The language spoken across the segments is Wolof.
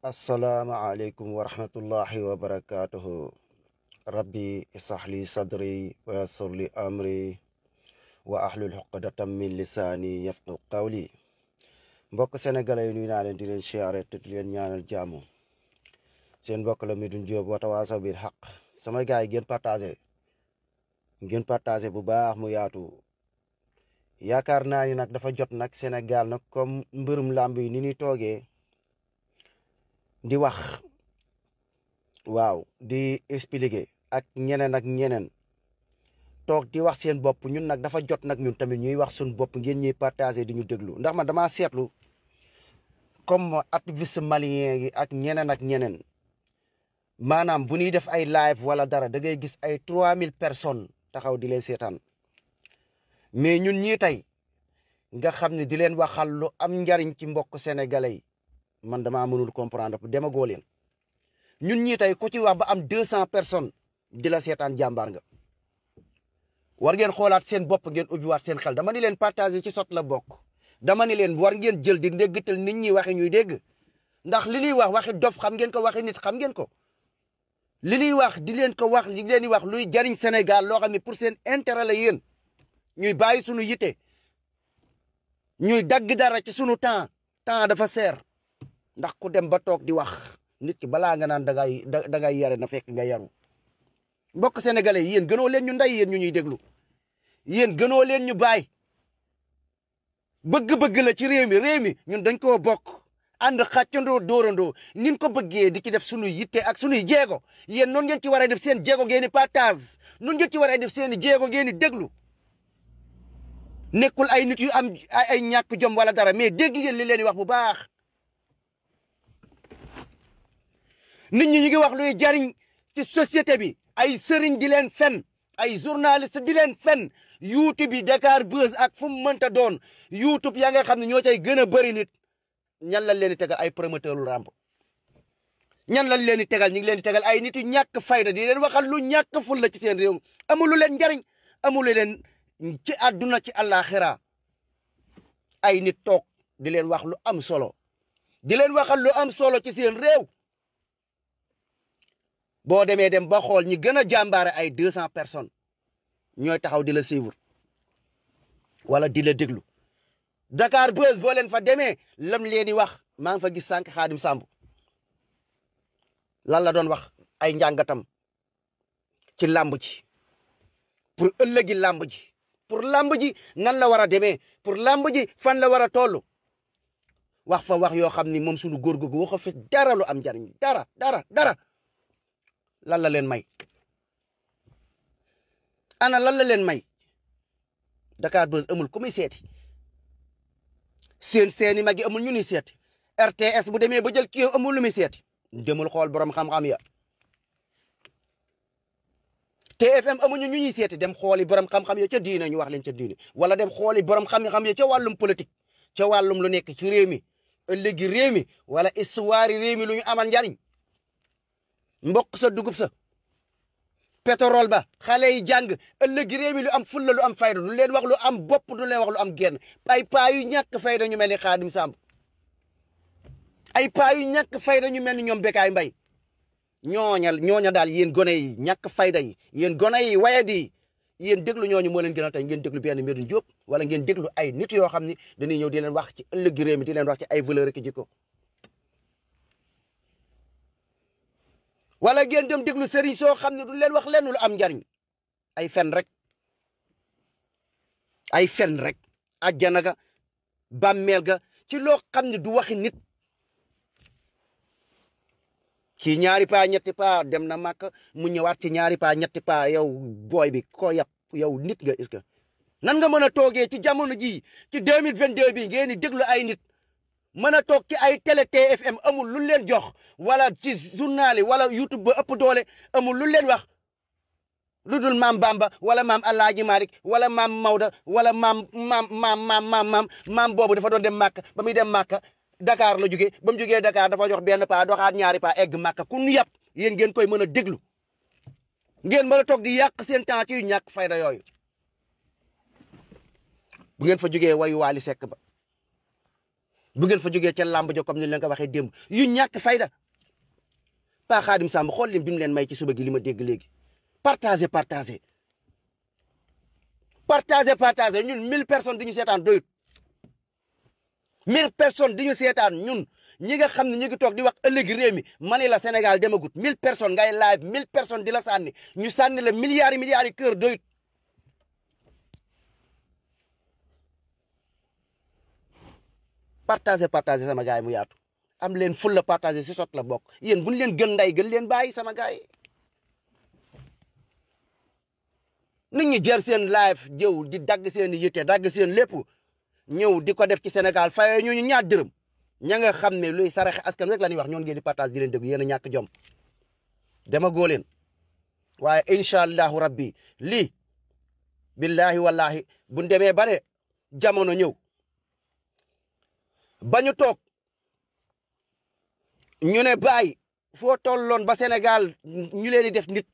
asalaamaaleykum wa rahmatullahi wa barakaatuhu rabbi isaxli sadri wa yassir li amri wa ahlul uqdatam min lisaani yafqahu qawli mbokk sénégalais yi nuy naa leen di leen siyaare te leen ñaanal jàmm seen mbokk la Medoune Diop wa tawaasaw bil xaq sama ga yi ngeen partagé ngeen partagé bu baax mu yaatu yaakaar naa ni nag dafa jot nag Sénégal nag comme mbërum làmb yi ni ñuy toogee di wax waaw di expliquer ak ñeneen ak ñeneen toog di wax seen bopp ñun nag dafa jot nag ñun tamit ñuy wax suñu bopp ngeen ñuy partager di ñu déglu ndax man damaa seetlu comme activiste malien yi ak ñeneen ak ñeneen maanaam bu ñuy def ay live wala dara da ngay gis ay mille personnes taxaw di leen seetaan mais ñun ñii tey nga xam ne di leen waxal lu am njariñ ci mbokk sénégalais yi man damaa mënul comprendre demagoo leen ñun ñii tey ku ci wax ba am deux cent personnes di la seetaan jàmbaar nga. war ngeen xoolaat seen bopp ngeen ubbiwaat seen xel dama ni leen partager ci sot la bokk dama ni leen war ngeen jël di ndéggatal nit ñi waxe ñuy dégg ndax li ñuy wax wax dof xam ngeen ko waxi nit xam ngeen ko. li ñuy wax di leen ko wax li leen di wax luy jariñ senegal loo xam ne pour seen intérêt la yéen ñuy bàyyi sunu yite ñuy dagg dara ci sunu temps temps dafa seer. ndax ku dem ba toog di wax nit ki balaa nga naan da ngay ngay yare na fekk nga yaru mbokk sénégalais yéen gënoo leen ñu ndey yéen ñu ñuy déglu yéen gënoo leen ñu baay bëgg-bëgg la ci réew mi réew mi ñun dañ koo bokk ànd xàccandoo dóorandoo nin ko bëggee di ci def sunuy yitte ak sunuy jéego yéen noonu ngeen ci war a def seen jéego ngeen di partage noonu ngeen ci war def seen i jéego ngeen di déglu nekkul ay nit yu am ay ñàkk jom wala dara mais dégg ngeen li leen di wax bu baax nit ñi ñu ngi wax luy jariñ ci société bi ay sëriñ di leen fen ay journaliste di leen fen youtube yi Dakar Buzz ak fu mu mënta doon yuutub yaa nga xam ne ñoo cay gën a bëri nit ñan lañ leen di tegal ay promoteur lu ràmb ñan lañ leen di tegal ñu ngi leen tegal ay nit yu ñàkk fayda di leen waxal lu ñàkk ful la ci seen réew amulu lu leen njariñ amul lu ci àdduna ci àllaaxira ay nit toog di leen wax lu am solo di leen waxal lu am solo ci seen réew boo demee dem ba xool ñi gën a jàmbaare ay deux cent personnes ñooy taxaw di la suivre wala di la déglu Dakar Buzz boo leen fa demee lam leen di wax maa ngi fa gis sànq Xaadim Samb lan la doon wax ay njàngatam ci làmb ji pour ëllëgi làmb ji pour làmb ji nan la war a demee pour làmb ji fan la war a toll wax fa wax yoo xam ni moom sunu góor googu waxoo fi dara lu am njariñ dara dara dara lan la leen may ana lan la leen may Dakar Buzz amul ku seeti seen seeni mag yi amul ñu seet seeti RTS bu demee ba jël kii amul lu muy seeti demul xool borom xam-xam ya TFM amuñu ñu ñuy seeti dem xooli borom xam-xam ya ca diine ñu wax leen ca diine wala dem xooli borom xam-xam ya ca wàllum politique ca wàllum lu nekk ci réew mi ëllëgi réew mi wala histoire réew mi lu ñu amal njariñ mboq sa dugub sa pétrole ba xale yi jàng ëllëg réew mi lu am fulla lu am fayda du leen wax lu am bopp du leen wax lu am genn ay paa yu ñàkk fayda ñu mel ni Xaadim Samb ay paa yu ñàkk fayda ñu mel ni ñoom Bekaay Mbay ñooña ñooña daal yéen gone yi ñàkk fayda yi yeen gone yi waye di yéen déglu ñooñu moo leen gën a tey ngeen déglu benn Medoune Diop wala ngeen déglu ay nit yoo xam ni dañuy ñëw di leen wax ci ëllëg réew mi di leen wax ci ay valeur ak jikko wala ngeen dem déglu sëriñ soo xam ne du leen wax lenn lu am njariñ ay fen rek ay fen rek ajjana ga bàmmeel ga ci loo xam ne du waxi nit ci ñaari pa ñetti pa dem na màkk mu ñëwaat ci ñaari paa ñetti paa yow booy bi ko yàpp yow nit nga est-ce nan nga mën a toogee ci jamono jii ci deux mille vingt deux bi ngeen di déglu ay nit mën a toog ci ay télé TFM amul lu leen jox wala ci journal yi wala YouTube ba ëpp doole amul lu leen wax lu dul maam Bamba wala maam Alaaji Malik wala maam Maoda wala maam maam maam maam maam maam maam boobu dafa doon dem Màkka ba muy dem Màkka dakaar la jóge ba mu jógee Dakar dafa jox benn paa doxaat ñaari paa egg Màkka ku ñu yàpp yéen ngeen koy mën a déglu ngeen mën a toog di yàq seen temps yu ñàkk fayda yooyu bu ngeen fa jógee wayu Waly Seck ba. bu ngeen fa jógee ca làmb jo comme ni leen ko waxee démb yu ñàkk fayda Paa Xaadim Samb xool leen bi mu leen may ci suba gi li ma dégg léegi partagé partagé partagé partagé ñun mille personnes di ñu seetaan doyut mille personnes di ñu seetaan ñun ñi nga xam ne ñu ngi toog di wax ëllëg mi mani la Sénégal demagut mille personnes ngay live mille personnes di la sànni ñu sànni la milliards yi milliards yi kër doyut partagé partagé sama gars yi mu yaatu am leen ful partage si sot la bokk yéen buñ leen gën nday gën leen baayi sama gars yi nit ñi jër seen live jëw di dagg seen yitte dagg seen lépp ñëw di ko def ci senegal fayoo ñu ñu ñaar dërëm ña nga xam ne luy saraxe askan rek la ñuy wax ñoon ngeen di partage di leen dégg yéen ñàkk jom dama góo leen waaye incha allahu rabbi lii billahi wallahi bu demee bare jamono ñëw ba ñu toog ñu ne baay foo tolloon ba senegal ñu leen di def nit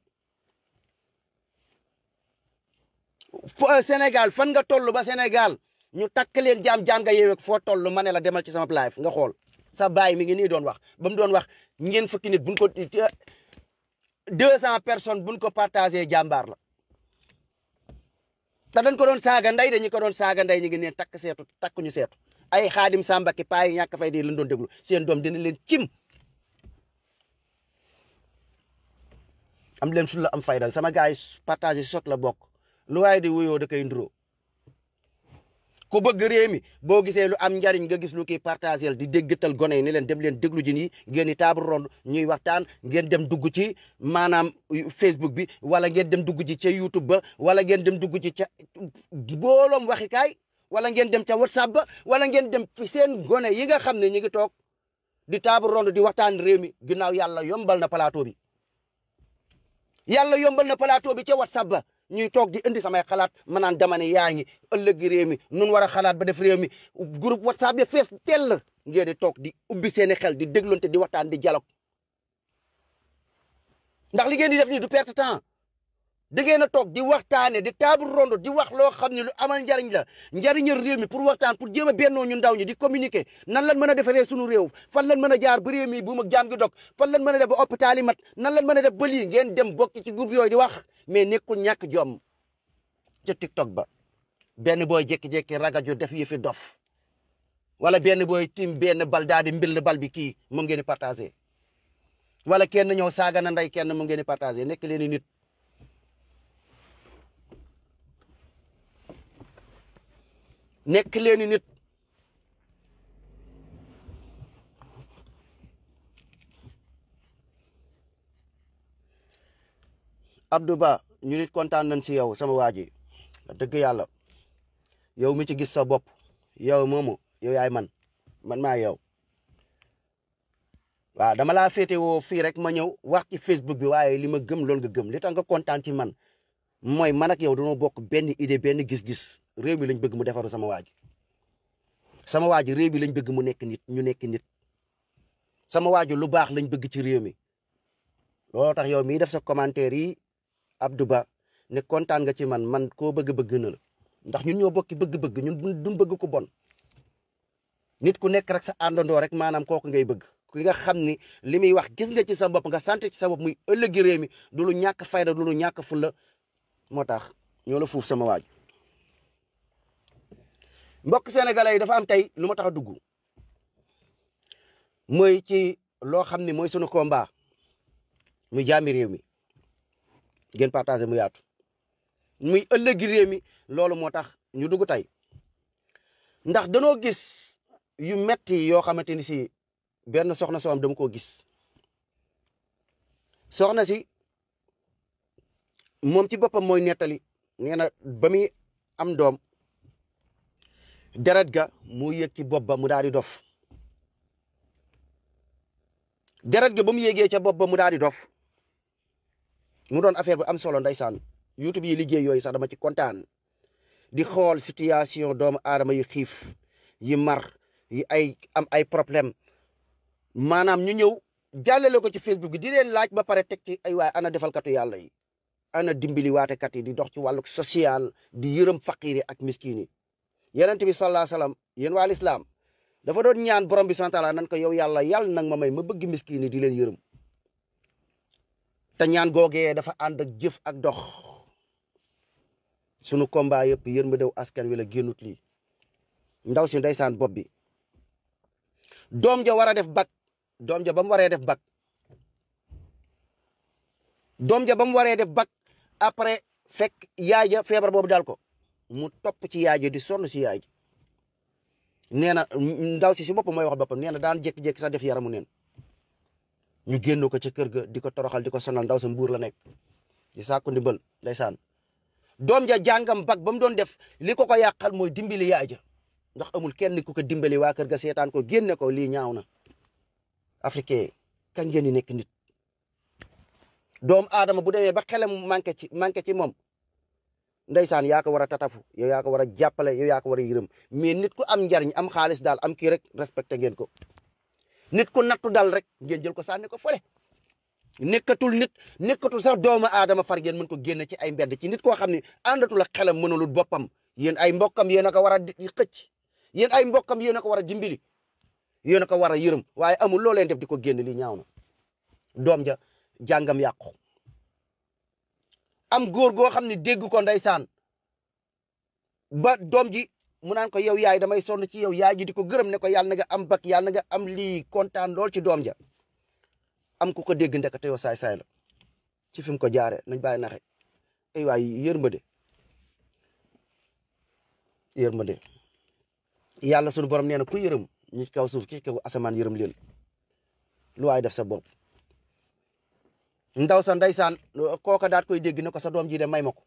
euh, senegal fan nga toll ba senegal ñu takk leen jaam-jaam nga yeeweg foo tollu ma ne la demal ci sama live nga xool sa baay mi ngi nii doon wax ba mu doon wax ñeent fukki nit buñ ko deux cent personnes buñ ko partagé jàmbaar la ta dañ ko doon saaga ndey ñu ko doon saaga ndey ñu ngi ne takk seetu takk ñu seetu ay xaadim sàmbaki paa yi ñàkk fay di leen doon déglu seen doom dina leen cim am leen sulla am faydal sama gars partage sot la bokk lu waaye di wuyoo da koy nduroo ku bëgg réew mi boo gisee lu am njariñ nga gis lu ki partagel di déggatal gone yi ne leen dem leen déglu jin yi ngeen di table ronde ñuy waxtaan ngeen dem dugg ci maanaam Facebook bi wala ngeen dem dugg ci ca YouTube ba wala ngeen dem dugg ci ca booloom waxi kaay wala ngeen dem ca whatsapp ba wala ngeen dem ci seen gone yi nga xam ne ñu ngi toog di table ronde di waxtaan réew mi ginnaaw yàlla yombal na plateau bi. yàlla yombal na plateau bi ca whatsapp ba ñuy toog di indi samay xalaat ma naan dama ne yaa ngi ëllëg réew mi nun war a xalaat ba def réew mi groupe whatsapp ya fees tell ngeen di toog di ubbi seeni xel di déglonte di waxtaan di dialogue ndax li di def nii du perte temps. da ngeen a toog di waxtaane di table ronde di wax loo xam ne lu amal njariñ la njariñal réew mi pour waxtaan pour jéem a bennoo ñu ndaw ñi di communiquer nan lan mën a defaree suñu réew fan lan mën a jaar ba réew mi bu ma jaam gi dog fan lan mën a def ba hôpital yi mat nan lan mën a def ba lii ngeen dem bokk ci groupe yooyu di wax mais nekkul ñàkk jom ca TikTok ba benn booy jékki-jékki ragaju def yi fi dof wala benn booy tim benn bal daal di mbil bal bi kii mu ngeen di partagé wala kenn ñëw saaga na ndey kenn mu ngeen partagé nekk leen nit nekk leeni nit Abdou Ba ñu nit kontaan nañ ci yow sama waa ji dëgg yàlla yow mi ci gis sa bopp yow moomu yow yaay man man maa yow waa dama laa féetewoo fii rek ma ñëw wax ci Facebook bi waaye li ma gëm loolu nga gëm li tax kontaan ci man mooy man ak yow dañoo bokk benn idée benn gis-gis réew mi lañ bëgg mu defaru sama waaj sama waa ji réew mi lañ bëgg mu nekk nit ñu nekk nit sama waa lu baax lañ bëgg ci réew mi loo tax yow mii def sa commentaire yi Abdou Ba ne kontaan nga ci man man koo bëgg-bëgg na la ndax ñun ñoo bokki bëgg-bëgg ñun duñ bëgg ku bon nit ku nekk rek sa àndandoo rek maanaam kooku ngay bëgg ki nga xam ni li muy wax gis nga ci sa bopp nga sant ci sa bopp muy ëllëgi réew mi du lu ñàkk fayda du lu ñàkk fulla moo tax ñoo la sama waaju mbokk sénégalais yi dafa am tey lu ma tax a dugg mooy ci loo xam ni mooy sunu combat muy jaami réew mi ngeen partagé mu yaatu muy ëllëgi réew mi loolu moo tax ñu dugg tey ndax danoo gis yu metti yoo xamante ni si benn soxna soo am dama koo gis soxna si moom ci boppam mooy nettali nee na ba muy am doom deret ga mu yëg ci bopp ba mu daal di dof deret ga ba mu yégee ca bopp ba mu daal di dof mu doon affaire bu am solo ndeysaan youtube yi liggéey yooyu sax dama ci kontaan di xool situation doomu aadama yu xiif yi mar yi ay am ay problème maanaam ñu ñëw jàllale ko ci facebook bi di leen laaj ba pare teg ci ay waay ana defalkatu yàlla yi ana dimbali waatekat yi di dox ci wàllu social di yërëm faqiir ak miskin yi yonent bi sallallahu alayhi wasallam yéen waa lislaam dafa doon ñaan borom bi subhanahu nan ko yow yàlla yàlla nang ma may ma bëgg miskin yi di leen yërëm te ñaan googee dafa ànd ak jëf ak dox sunu combat yëpp yërma dew askan wi la génnut lii ndaw si ndeysaan bopp bi doom ja war a def bac doom ja ba mu waree def bac doom ja ba mu waree def bac après fekk yaay ja feebar boobu daal ko mu topp ci yaay ji di sonn si yaay ji nee na ndaw si si boppam mooy wax boppam nee na daan jékki-jékki sax def yaramu neen ñu génn ko ci kër ga di ko toroxal di ko sonal ndaw sa buur la nekk di sàkku ndimbal saan doom ja jàngam bag ba mu doon def li ko ko yàqal mooy dimbali yaay ja ndax amul kenn ku ko dimbali waa kër ga seetaan ko génne ko lii ñaaw na africain kañ ngeen di nekk nit doom adama bu demee ba xelam manqué ci manqué ci moom ndeysaan yaa ko war a tatafu yow yaa ko war a jàppale yow yaa war a yërëm mais nit ku am njariñ am xaalis daal am kii rek respecté ngeen ko nit ku nattu daal rek ngeen jël ko sànni ko fële nekkatul nit nekkatul sax doomu aadama far ngeen mën ko génne ci ay mbedd ci nit koo xam ne àndatul xelam mënalul boppam yéen ay mbokkam yéen a ko war a xëcc yéen ay mbokkam yéen a ko war a dimbali yéen a ko war a yërëm waaye amul loo leen def di ko génne lii ñaaw doom ja jàngam yàqu am góor goo xam ne dégg ko saan ba doom ji mu naan ko yow yaay damay sonn ci yow yaay ji di ko gërëm ne ko yàlla na nga am bak yàlla na nga am lii kontaan lool ci doom ja am ku ko dégg ndekete yow saay-saay la ci fim mu ko jaaree nañ bàyyi naxe ay waay yërmande yërmande yàlla sunu borom nee na ku yërëm ñi kaw suuf ki kaw asamaan yërëm leen lu waay def sa bopp ndaw sa ndeysaan kooka daat koy dégg na ko sa doom ji de may ma ko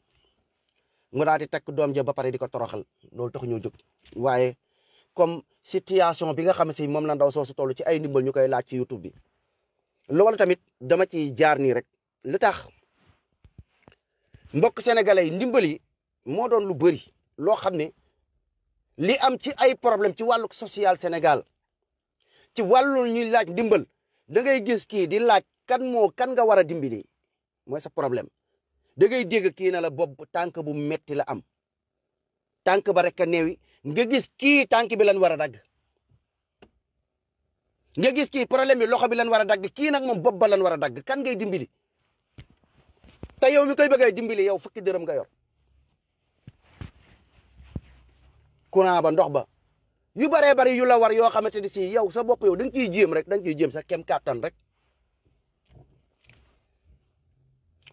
mu daal di tekk doom ja ba pare di ko toroxal loolu tax ñoo jóg waaye comme situation bi nga xam si moom la ndaw soosu toll ci ay ndimbal ñu koy laaj ci YouTube bi loolu tamit dama ci jaar nii rek lu tax mbokk sénégalais ndimbali moo doon lu bëri loo xam ne li am ci ay problème ci wàllu social Sénégal ci wàllu ñu laaj ndimbal da ngay gis kii di laaj kan moo kan nga war a dimbali mooy sa problème da ngay dégg kii na la bopp tànk bu metti la am tànk ba rek a nga gis kii tànk bi lan war a dagg nga gis kii problème bi loxo bi lan war a dagg kii nag moom bopp ba lan war a dagg kan ngay dimbali te yow mi koy bëggee dimbali yow fukki dërëm nga yor courant ba ndox ba yu baree bari yu la war yoo xamante ni si yow sa bok yow da nga ciy jéem rek da nga ciy jéem sa kem kàttan rek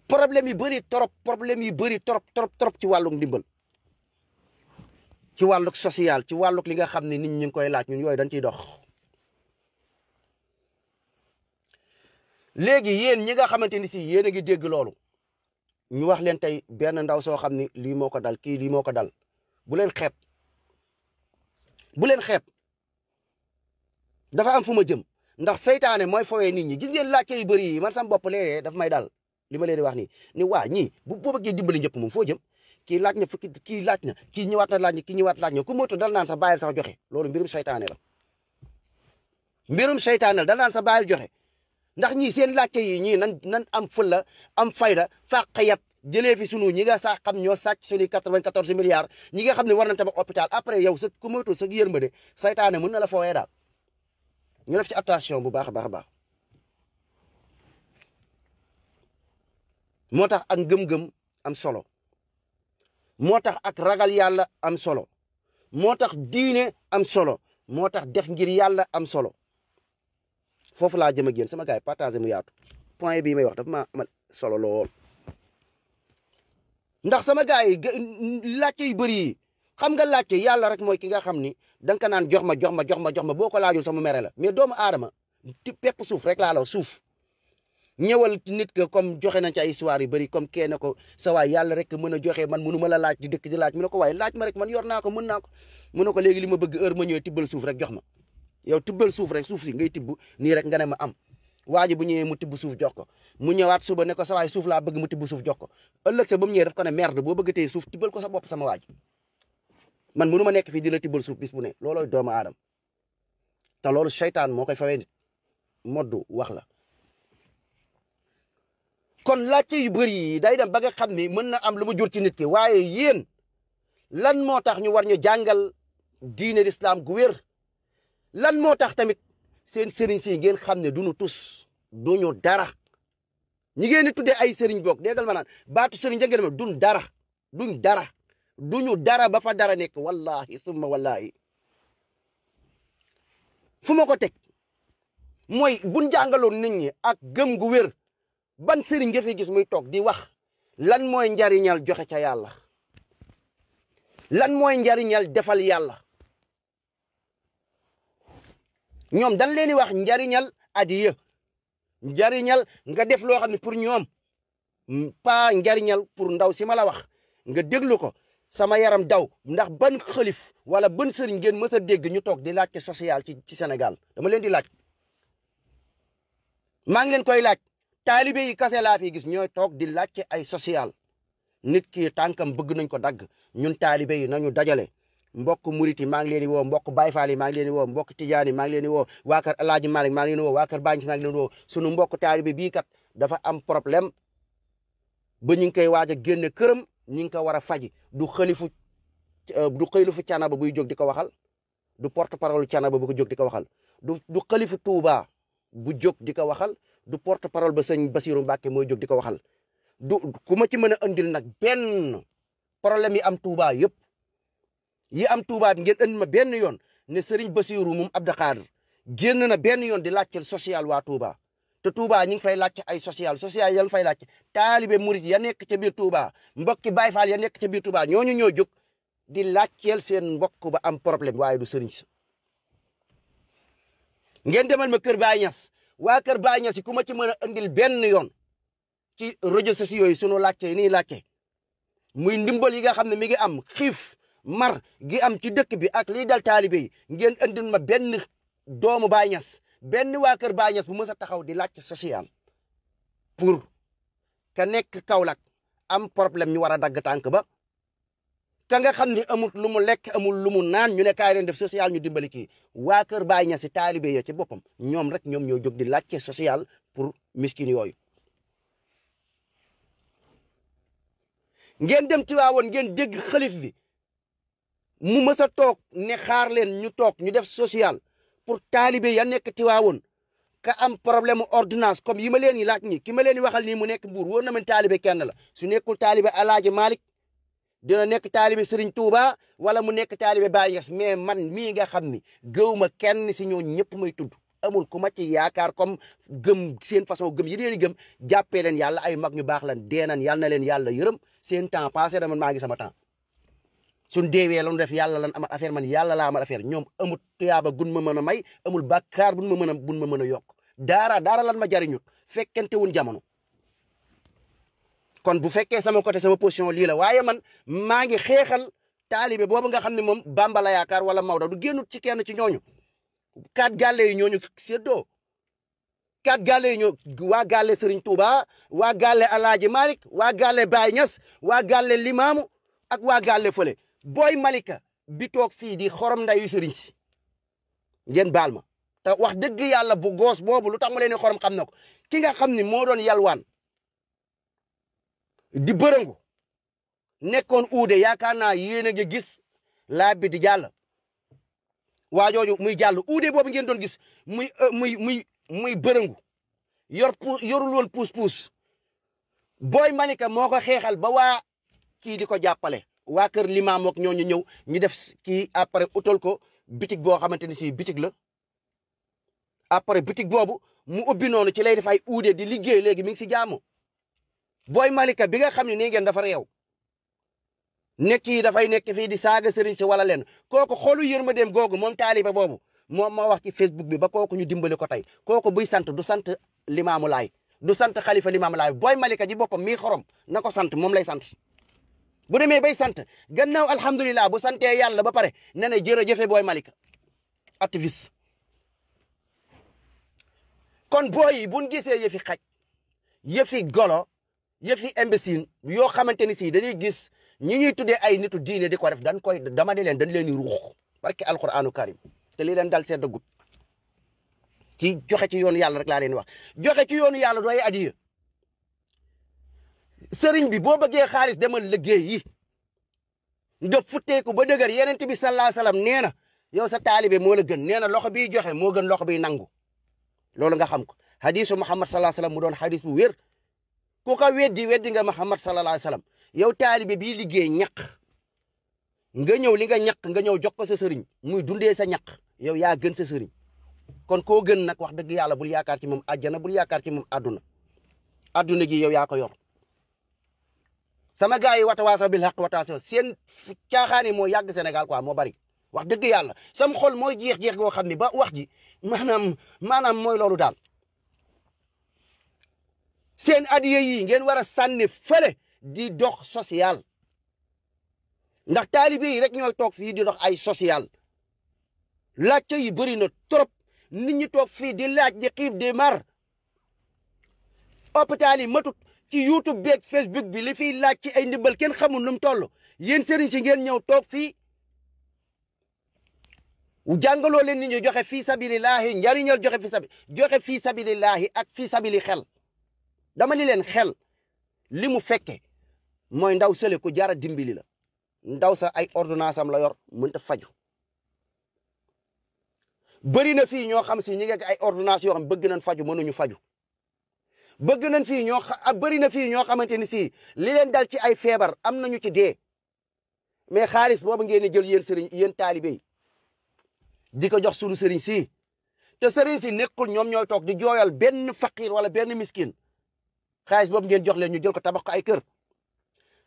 problème yi bëri trop problème yi bëri trop trop trop ci wàlluk ndimbal ci wàlluk social ci wàlluk li nga xam ne nit ñi ngi koy laaj ñun yooyu dañ ciy dox léegi yéen ñi nga xamante ni si yéen a ngi dégg loolu ñu wax leen tey benn ndaw soo xam ni lii moo ko dal kii lii moo ko dal bu leen xeeb bu leen xeeb dafa am fu ma jëm ndax seytaane mooy fowee nit ñi gis ngeen laajte yu bëri yi man sam bopp léeg dafa daf may daal li ma leen di wax nii ni waa ñii bu boo bëggee dimbali ñëpp moom foo jëm kii laaj na fukki kii laaj na kii ñëwaat na laaj na ñëwaat laaj na ku moytu dal naan sa bàyyil sax joxe loolu mbirum seytaane la mbirum seytaane la dal naan sa bàyyil joxe ndax ñii seen laajte yi ñii nan nan am fulla am fayda fàq yat jëlee fi sunu ñi nga sax xam ñoo sàcc suñuy 94 milliards ñi nga xam ne war nañ tabax hôpital après yow sa ku moytul sa yërmande saytaane mën na la fooyee daal ñu def ci attention bu baax a ba a baax. moo tax ak gëm-gëm am solo moo tax ak ragal yàlla am solo moo tax diine am solo moo tax def ngir yàlla am solo foofu laa jëm ak yéen sama gars yi mu yaatu point bi may wax dafa maa amal solo lool. ndax sama gars yi laajte yu bëri xam nga laajte yàlla rek mooy ki nga xam ni danga ko naan jox ma jox ma jox ma jox ma boo ko laajul sama mere la mais doomu aadama ti pepp suuf rek laa la suuf ñëwal nit que comme joxe nañ ci ay histoire yu bëri comme kenn ko sa waay yàlla rek mën a joxe man mënu la laaj di dëkk di laaj mu ne ko waaye laaj ma rek man yor naa ko mën naa ko mu ne ko léegi li ma bëgg heure ma ñëwee tibbal suuf rek jox ma yow tibbal suuf rek suuf si ngay tibb nii rek nga ne ma am waa bu ñëwee mu tibb suuf jox ko mu ñëwaat suba ne ko sa suuf laa bëgg mu tibb suuf jox ko ëllëg sa ba mu ñëwee daf ko ne merde boo bëgg tey suuf tibbal ko sa bopp sama waa ji man mënu ma nekk fii dina la tibbal suuf bis bu ne loolooy doomu aadama te loolu seytaan moo koy fawee nit moddu wax la. kon laajte yu bari yi day dem ba nga xam ni mën na am lu mu jur ci nit ki waaye yéen lan moo tax ñu war ñu jàngal diine l'islam gu wér lan moo tax tamit. seen sëriñ si ngeen xam ne duñu tus duñu dara ñi ngeen di tuddee ay sëriñ boog déggal ma naan baatu sëriñ da ngeen ma duñ dara duñ dara duñu dara ba fa dara nekk wallahi summa wallahi fu ma ko teg mooy buñ jàngaloon nit ñi ak gëm gu wér ban sëriñ nga fi gis muy toog di wax lan mooy njariñal joxe ca yàlla lan mooy njariñal defal yàlla ñoom dañ leen di wax njariñal adiya njariñal nga def loo xam ne pour ñoom pas njariñal pour ndaw si ma la wax nga déglu ko sama yaram daw ndax ban xalif wala ban sëriñ ngeen mës a dégg ñu toog di laajte social ci ci Sénégal dama leen di laaj maa ngi leen koy laaj taalibe yi kase laa fi gis ñooy toog di laajte ay social nit ki tànkam bëgg nañ ko dagg ñun taalibe yi nañu dajale mbokk murit yi maa ngi leen di woo mbokk Baay Faal yi maa ngi leen di woo mbokk Tijaan yi woo waa kër Alaaji Malik maa ngi leen di woo waa kër Baay maa woo sunu mbokk taalibe bii kat dafa am problème ba ñu ngi koy waaj a génne këram ñi ngi ko war a faji du xalifu euh, du xëylufu Canaba buy jóg di ko waxal du porte parole Canaba bu ko jóg di ko waxal du du xalifu Touba bu jóg di ko waxal du porte parole ba sëñ Basiru Mbàkke mooy jog di ko waxal du ku ma ci mën a andil nag benn problème yi am Touba yëpp yi am Touba ngeen andi ma benn yoon ne Serigne Bassirou moom Abdou Khadre génn na benn yoon di laajte social waa Touba te Touba ñi ngi fay laajte ay social social yan fay laajte taalibe murit ya nekk ca biir Touba mbokki Baye Fall ya nekk ca biir ñooñu ñoo jóg di laajteel seen mbokk ba am problème waaye du Serigne si ngeen demal ma kër Baye Niass waa kër Baye Niass ku ma ci mën a andil benn yoon ki réseaux sociaux yi sunu laajte ni nii muy ndimbal yi nga xam ne mi ngi am xiif mar gi am ci dëkk bi ak liy dal taalibe yi ngeen andil ma benn doomu Baay Ñas benn waa kër Baay Ñas bu mës a taxaw di laaj social pour ka nekk Kaolack am problème ñu war a dagg tànk ba ka nga xam ne amul lu mu lekk amul lu mu naan ñu ne kaay leen def social ñu dimbali kii waa kër Baay Ñas si taalibe ya ci boppam ñoom rek ñoom ñoo jóg di laajte social pour miskin yooyu. ngeen dem ci waawoon ngeen dégg xalif bi mu mës a toog ne xaar leen ñu toog ñu def social pour taalibe ya nekk Tiwaawoon ka am problème ordinance comme yi ma leen yi laaj ni ki ma leen waxal nii mu nekk buur wóor na man taalibe kenn la su nekkul taalibe Alaaji Malick dina nekk taalibe Serigne Touba wala mu nekk taalibe Baye Niass mais man mii nga xam ni gëw ma kenn si ñoo ñëpp may tudd amul ku ma ci yaakaar comme gëm seen façon gëm yi leen gëm jàppee leen yàlla ay mag ñu baax lan deenan yàlla na leen yàlla yërëm seen temps passé na man maa ngi sama temps suñ deewee lan def yàlla lan amal affaire man yàlla laa amal affaire ñoom amul yaaba gun ma mën a may amul bàkkaar bun ma mën a bun ma mën a yokk daara daara lan ma jariñut fekkente wun jamono kon bu fekkee sama côté sama position lii la waaye man maa ngi xeexal taalibe boobu nga xam ne moom bambala la yaakaar wala Maodo du génnut ci kenn ci ñooñu kaat gàlle yi ñooñu séddoo kaat gàlle yi ñoo waa gàlle Serigne Touba waa gàlle Alaaji Malick waa gàlle Baye ñas waa gàlle Limaamu ak waa gàlle fële booy Malika bi toog fii di xorom ndayu sëriñ si ngeen baal ma te wax dëgg yàlla bu goos boobu lu tax mu leen xorom xam na ko ki nga xam ni moo doon waan di bërëngu nekkoon uude yaakaar naa yéen a ngi gis laa bi di jàll waa jooju muy jàll uude boobu ngeen doon gis muy euh, muy muy muy bërëngu yor pu yorul woon puus puus booy Malika moo ko xeexal ba waa kii di ko jàppale. waa kër limaam ak ñooñu ñëw ñu def kii après utal ko bitig boo xamante ni si bitig la après bitig boobu mu ubbi noonu ci lay def ay uude di liggéey léegi mi ngi si jaamu booy Malika bi nga xam ne nii ngeen dafa réew nekk yi dafay nekk fii di saaga sëriñ si wala leen kooku xoolu yërmandeem googu moom taaliba boobu moom moo wax ci Facebook bi ba kooku ñu dimbali ko tey kooku buy sant du sant limaamu laay du sant xalifa limaamu laay booy Malika ji boppam mii xorom na ko sant moom lay sant. bu demee bay sant gannaaw alhamdulilah bu santee yàlla ba pare ne ne jërëjëfe booy Malika activiste kon booy yi gisee yëfi xaj yëfi golo yëfi imbécile yoo xamante ni si dañuy gis ñi ñuy tuddee ay nitu diine di ko def dañ koy dama ne leen dañ leen di ruux barke alquranu karim te lii leen dal seen dëggut ci joxe ci yoon yàlla rek laa leen wax joxe ci yoonu yàlla doy adiya sëriñ bi boo bëggee xaalis demal liggéey yi nga futteeku ba dëgër yeneen bi sallallahu alayhi wasallam nee na yow sa taalibe moo la gën nee na loxo bi joxe moo gën loxo biy nangu loolu nga xam ko hadisu Muhammad sallallahu alayhi wasallam mu doon hadis bu wér ku ko weddi weddi nga Muhammad sallallahu alayhi wasallam yow taalibe bii liggéey ñaq nga ñëw li nga ñaq nga ñëw jox ko sa sëriñ muy dundee sa ñaq yow yaa gën sa sëriñ kon koo gën nag wax dëgg yàlla bul yaakaar ci moom àjjana bul yaakaar ci moom àdduna àdduna gi yow yaa ko yor sama gars yi watawaasaw bil haqq watawaasaw seen caaxaan yi moo yàgg senegal quoi moo bari wax dëgg yàlla sam xol mooy jeex-jeex goo xam ne ba wax ji maanaam maanaam mooy loolu daal seen adiya yi ngeen war a sànni fële di dox social ndax taalibe yi rek ñooy toog fii di dox ay social laajte yi bëri na trop nit ñi toog fii di laaj di xiif di mar matut ci YouTube beek ak Facebook bi li fiy laaj ci ay ndimbal kenn xamul nu mu toll yéen sëriñ si ngeen ñaw toog fii jàngaloo leen ni ñu joxe fii sabilillahi njariñal joxe fii sabi joxe fii sabilillahi ak fii sabili xel dama ni leen xel li mu fekke mooy ndaw sële ku jara dimbali la ndaw sa ay ordonnance am la yor mënta faju bëri na fii ñoo xam si ñi ngeeg ay ordonnance yoo xam bëgg nañ faju mënuñu faju bëgg nañ fii ñoo ah, bëri na fii ñoo xamante ni si li leen dal ci ay feebar am nañu ci dee mais xaalis boobu ngeen di jël yéen sëriñ yéen taalibe yi di ko jox sunu sëriñ si te sëriñ si nekkul ñoom ñooy toog di jooyal benn faqir wala benn miskin xaalis boobu ngeen jox leen ñu jël ko tabax ko ay kër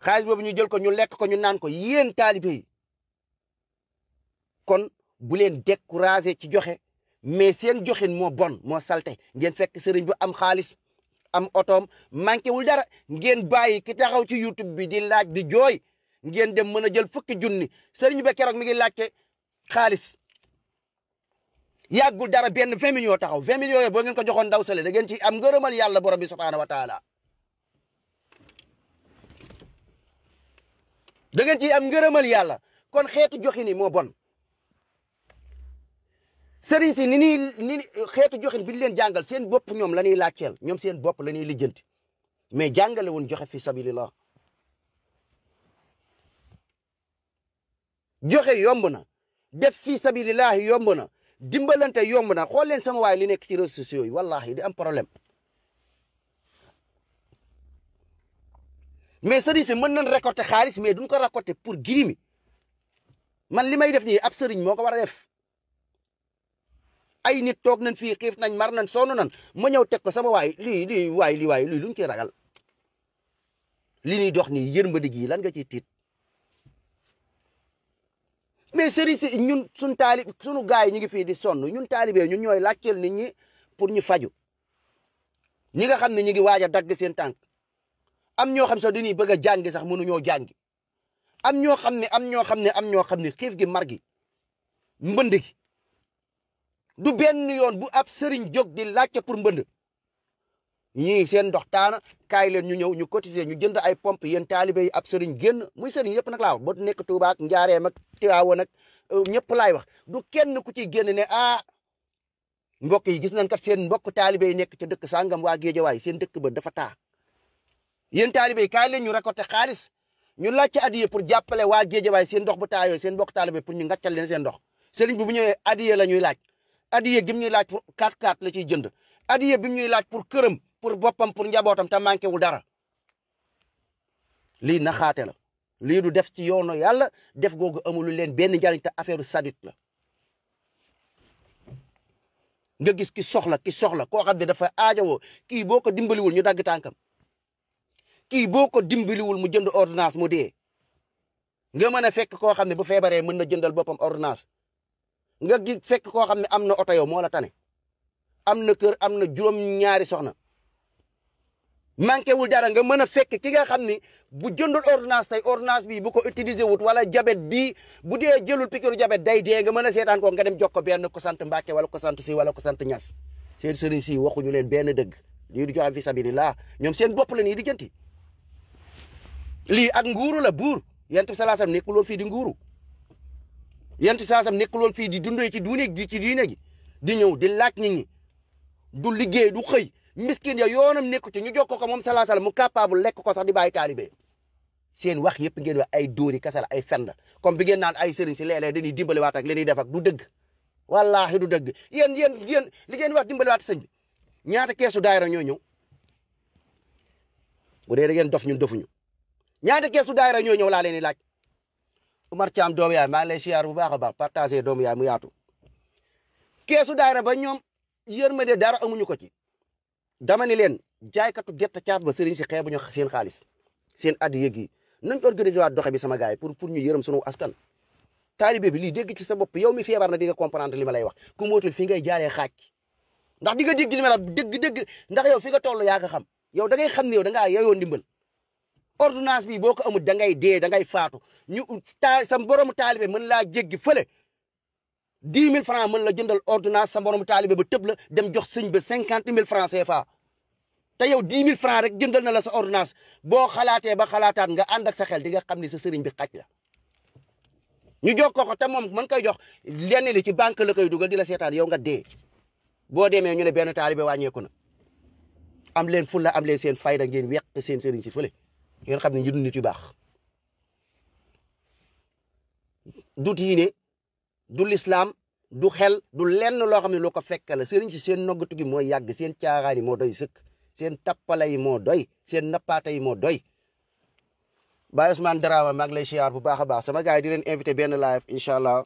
xaalis boobu ñu jël ko ñu lekk ko ñu naan ko yéen taalibe yi kon bu leen découragé ci joxe mais seen joxin moo bon moo salte ngeen fekk sëriñ bu am xaalis am otoom manqué wul dara ngeen bàyyi ki taxaw ci YouTube bi di laaj di jooy ngeen dem mën a jël fukki junni sëriñ ba keroog mi ngi laajte xaalis yàggul dara benn vingt millions taxaw vingt millions boo ngeen ko joxoon daw sale da ngeen ci am ngërëmal yàlla borom bi subhaanahu wa taala da ci am ngërëmal yàlla kon xeetu joxini moo bon sëriñ si ni ñuy ni xeetu joxin bi ñu leen jàngal seen bopp ñoom la ñuy laajteel ñoom seen bopp la ñuy lijjanti mais jàngale woon joxe fi sabilillah joxe yomb na def fi sabilillah yomb na dimbalante yomb na xool leen sama waay li nekk ci réseaux sociaux yi wallahi di am problème mais sëriñ si mën nañ récolter xaalis mais duñ ko récolter pour girimi man li may def nii ab sëriñ moo ko war a def ay nit toog nañ fii xiif nañ mar nañ sonn nañ ma ñëw teg ko sama waay lii lii waay lii waay lii luñ ragal li ñuy dox nii yërmande gi lan nga ciy tiit mais sëriñ si ñun suñ taalib sunu gaay yi ñu ngi fii di sonn ñun taalibee ñun ñooy laajteel nit ñi pour ñu faju ñi nga xam ne ñu ngi waaj a dagg seen tànk am ñoo xam sax dañuy bëgg a jàngi sax mënuñoo jàngi am ñoo xam ne am ñoo xam ne am ñoo xam ne xiif gi mar gi mbënd gi du benn yoon bu ab sëriñ jog di laajte pour mbënd ñii seen ndox taana kaay leen ñu ñëw ñu cotiser ñu jënd ay pompe yéen taalibe yi ab sëriñ génn muy sëriñ yëpp nag laa wax ba nekk Touba ak Njaareem ak Tiwaawoon ak euh, ñëpp laay wax du kenn ku ci génn ne ah mbokk yi gis nañ kat seen mbokk taalibe yi nekk ca dëkk sangam waa Géejawaay seen dëkk ba dafa taa yéen taalibe yi kaay leen ñu récolté xaalis ñu laajte adiya pour jàppale waa Géejawaay seen ndox bu taayoo seen mbokk taalibe pour ñu ngàccal leen seen ndox sëriñ bu ñëwee adiya la ñuy laaj adiya gim ñuy laaj pour 4-4 la ciy jënd adiya bim ñuy laaj pour këram pour boppam pour njabootam te manqué wul dara lii naxaate la lii du def ci yoonu yàlla def googu amulu leen benn njariñ te affaire sadit la nga gis ki soxla ki soxla koo xam ne dafa aajowoo kii boo ko dimbaliwul ñu dagg tànkam kii boo ko dimbaliwul mu jënd ordinance mu dee nga mën a fekk koo xam ne bu feebaree mën na jëndal boppam ordinance nga gi fekk koo xam ne am na oto yow moo la tane am na kër am na juróom-ñaari soxna manqué wul dara nga mën a fekk ki nga xam ni bu jëndul ordonnance tey ordonnance bi bu ko utiliser wut wala jabet bi bu dee jëlul pikiru jabet day dee nga mën a seetaan ko nga dem jox ko benn ko sant Mbàkke wala ko sant si wala ko sant Ñas seen sëriñ si waxuñu leen benn dëgg lii du joxam fi sabilillah ñoom seen bopp la nii di jënti lii ak nguuru la buur yent bi salaa fii di nguuru yent saa sam nekkul woon fii di dundee ci duune gi ci diine gi di ñëw di laaj nit ñi du liggéey du xëy miskin ya yoonam nekk ci ñu jokkoo ko moom salaa salaam mu capable lekk ko sax di bàyyi taalibe seen wax yëpp ngeen wax ay dóori kasala ay fen la comme bi ngeen naan ay sëriñ si léeg-léeg dañuy dimbaliwaat ak le ñuy defak ak du dëgg wallaahi du dëgg yéen yéen yéen li ngeen wax dimbaliwaat sëñ bi ñaata keesu daayira ñoo ñëw bu dee da ngeen dof ñun dofuñu ñaata keesu daayira ñoo ñëw laa leen di laaj Umar Thiam doomu yaay maa ngi bu baax a baax partagé doomu yaay mu yaatu keesu daayira ba ñoom yërmande dara amuñu ko ci dama ni leen jaaykatu gerte caaf ba sëriñ si xeebuñu seen xaalis seen addi yëg yi nañ organiser waat doxe bi sama gars yi pour pour ñu yërëm sunu askan taalibe bi lii dégg ci sa bopp yow mi feebar na dinga nga comprendre li ma lay wax ku mootul fi ngay jaaree xaaj ndax di nga dégg li ma la dégg dégg ndax yow fi nga toll yaa nga xam yow da ngay xam ne yow da ngaa yeyoo ndimbal ordonnance bi boo ko amul da ngay dee da ngay faatu ñu taa sa mboromu taalibe mën laa jéggi fële dix mille francs mën la jëndal ordinance sa mboromu taalibe ba tëb la dem jox sëñ ba cinquante mille francs CFA te yow dix mille francs rek jëndal na la sa ordinance boo xalaatee ba xalaataat nga ànd ak sa xel di nga xam ni sa sëriñ bi xaj la ñu jox ko ko te moom mën koy jox lenn li ci banque la koy dugal di la seetaan yow nga dee boo demee ñu ne benn taalibe wàññeeku na am leen fulla am leen seen fayda ngeen weq seen sëriñ si fële ngeen xam ne ñu dund nit yu baax du diine du lislaam du xel du lenn loo xam ne lu ko fekk la sëriñ si seen noggatu gi moo yàgg seen caaxaan moo doy sëkk seen tappale moo doy seen nappaate yi moo doy Baye Ousmane Dramé maa lay siyaar bu baax a baax sama gars yi di leen invité benn live incha allah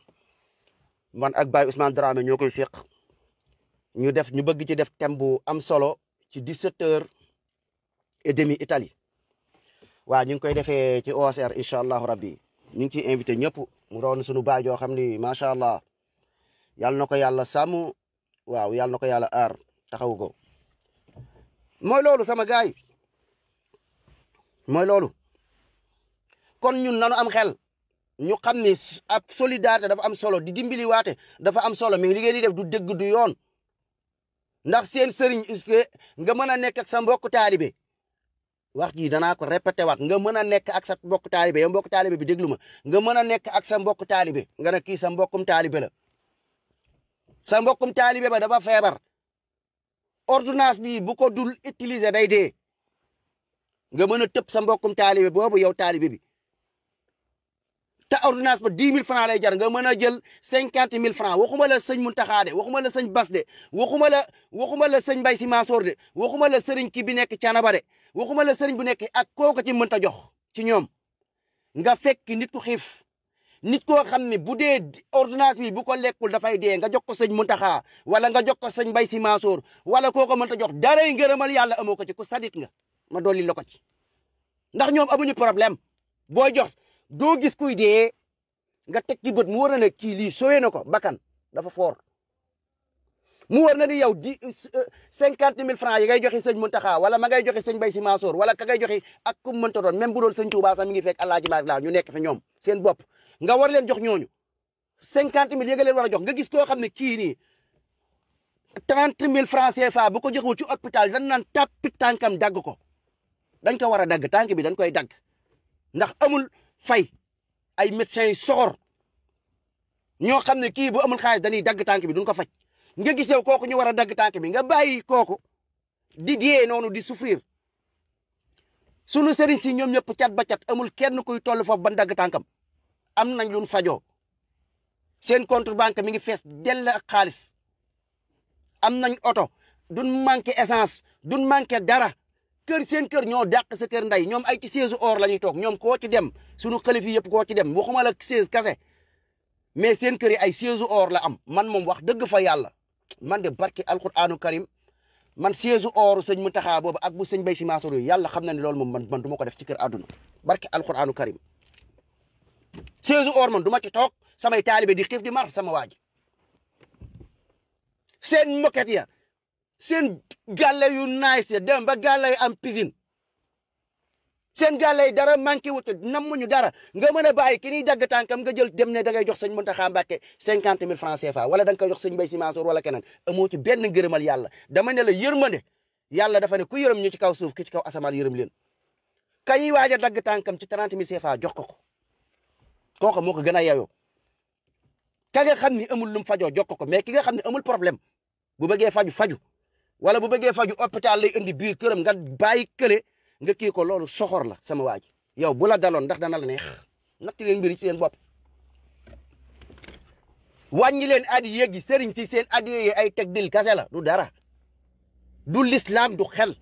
man ak Baye Ousmane Dramé ñoo koy séq ñu def ñu bëgg ci def thème bu am solo ci 17 heures et demi Italie waaw ñu ngi koy defee ci OSR incha allahu rabbi ñu ngi ciy invité ñëpp mu doon sunu baay joo xam ni macha allah yal na ko yàlla sàmm waaw yal na ko yàlla aar taxawu ko mooy loolu sama gaay mooy loolu kon ñun nanu am xel ñu xam ni ab solidarité dafa am solo di dimbali waate dafa am solo mais li ngeen di def du dëgg du yoon ndax seen sëriñ est-ce que nga mën a nekk ak sa mbokk taalibe wax jii danaa ko répété waat nga mën a nekk ak sa mbokk taalibe yow bi déglu ma nga mën a nekk ak sa mbokk taalibe nga ne kii sa mbokkum taalibe la sa mbokkum taalibe ba dafa feebar ordonnance bi bu ko dul utiliser day de nga mën a tëb sa mbokkum taalibe boobu yow taalibe bi te ordonnance ba dix mille francs lay jar nga mën a jël cinquante mille francs waxuma la sëñ Muntaxa de waxuma la sëñ Bas de waxuma la waxuma la sëñ Mbay Si Mansoor de waxuma la sëriñ ki bi nekk Canaba de waxuma la sëriñ bu nekk ak koo ko ci mënta jox ci ñoom nga fekk nit ku xiif nit koo xam ne bu dee ordonnance mi bu ko lekkul dafay dee nga jox ko sëñ Muntaxa wala nga jox ko sëñ Mbay Si Mansour wala koo ko mënta jox daray ngërëmal yàlla amoo ko ci ku sadik nga ma dolli la ko ci ndax ñoom amuñu problème boo jox doo gis kuy dee nga teg ci bët mu war a ne kii lii sowee na ko bakkan dafa foor mu war na ni yow di euh, cinquante mille francs yi ngay joxe sëñ Muntaxa wala ma ngay joxe sëñ Bay Si Mansour wala ka ngay joxe ak ku mu mënta doon même bu doon sëñ Tuubaa sax mi ngi fekk Alaaji Maalik laa ñu nekk seen bopp nga war leen jox ñooñu cinquante mille yi nga leen war a jox nga gis koo xam ne kii nii trente mille francs CFA bu ko joxewul ci hôpital dañ naan tàppi tànkam dagg ko dañ ko war a dagg tànk bi dañ koy dagg ndax amul fay ay médecins soxor ñoo xam ne kii bu amul xaalis dañuy dagg tànk bi duñ ko faj nga gis kooku ñu war a dagg tànk bi nga bàyyi kooku di diyee noonu di souffrir sunu sëriñ si ñoom ñëpp cat ba cat amul kenn kuy toll foofu ban dagg tànkam am nañ lu fajoo seen compte banque mi ngi fees dell ak xaalis am nañ oto duñ manqué essence duñ manqué dara kër seen kër ñoo dàq sa kër ndey ñoom ay ci seize or la ñuy toog ñoom koo ci dem sunu xalif yi yëpp koo ci dem waxuma la seize kase mais seen kër yi ay seize or la am man moom wax dëgg fa yàlla. man de barki alquranu karim man siège ooru sëñ Muntaxa boobu ak bu sëñ Bay Si Mansour yooyu yàlla xam na ne loolu moom man man du ma ko def ci kër àdduna barki alquranu karim siège oor man du ma ci sama samay taalibe di xiif di mar sama waa ji seen moket ya seen gàlle yu naay ya dem ba gàlle am piscine seen gàllay dara manqué wut ñu dara nga mën a bàyyi ki ñuy dagg tànkam nga jël dem ne da ngay jox sëñ Mountakha Mbacké cinquante mille francs CFA wala da nga koy jox sëñ Mbaye Sy Mansour wala keneen amoo ci benn ngërëmal yàlla dama ne la yërmande yàlla dafa ne ku yërëm ñu ci kaw suuf ki ci kaw asamaan yërëm leen ka ñuy waaj a dagg tànkam ci trente mille CFA jox ko ko kooku moo ko gën a yeyoo ka nga xam ni amul lu mu fajoo jox ko ko mais ki nga xam ne amul problème bu bëggee faju faju wala bu bëggee faju hôpital lay indi biir këram nga bàyyi kële nga kii ko loolu soxor la sama waa ji yow bu la daloon ndax dana la neex ah. natt leen mbiri ci seen bopp wàññi leen addiya gi sëriñ si seen addiya yi ay teg dil kase la du dara du lislaam du xel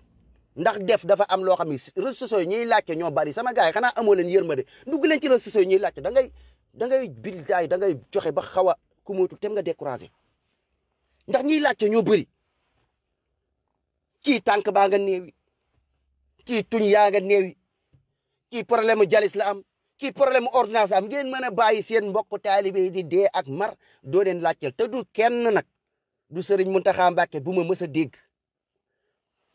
ndax def dafa am loo xam ne réseaux sociaux yi ñuy laajte ñoo bari sama gars yi xanaa amoo leen yërmande dugg leen ci réseaux sociaux yi ñuy laajte da ngay dangay ngay bildaay da ngay joxe ba xaw a ku mootul tem nga découragé ndax ñiy laajte ñoo bëri kii tànk baa nga néewi kii tuñ yaa nga ki kii problème mu jalis la am kii problème mu ordonnance am ngeen mën a bàyyi seen mbokku taalibe di dee ak mar doo leen laajteel te du kenn nag du sëriñ Muntaxa Mbàkke bu ma mës a dégg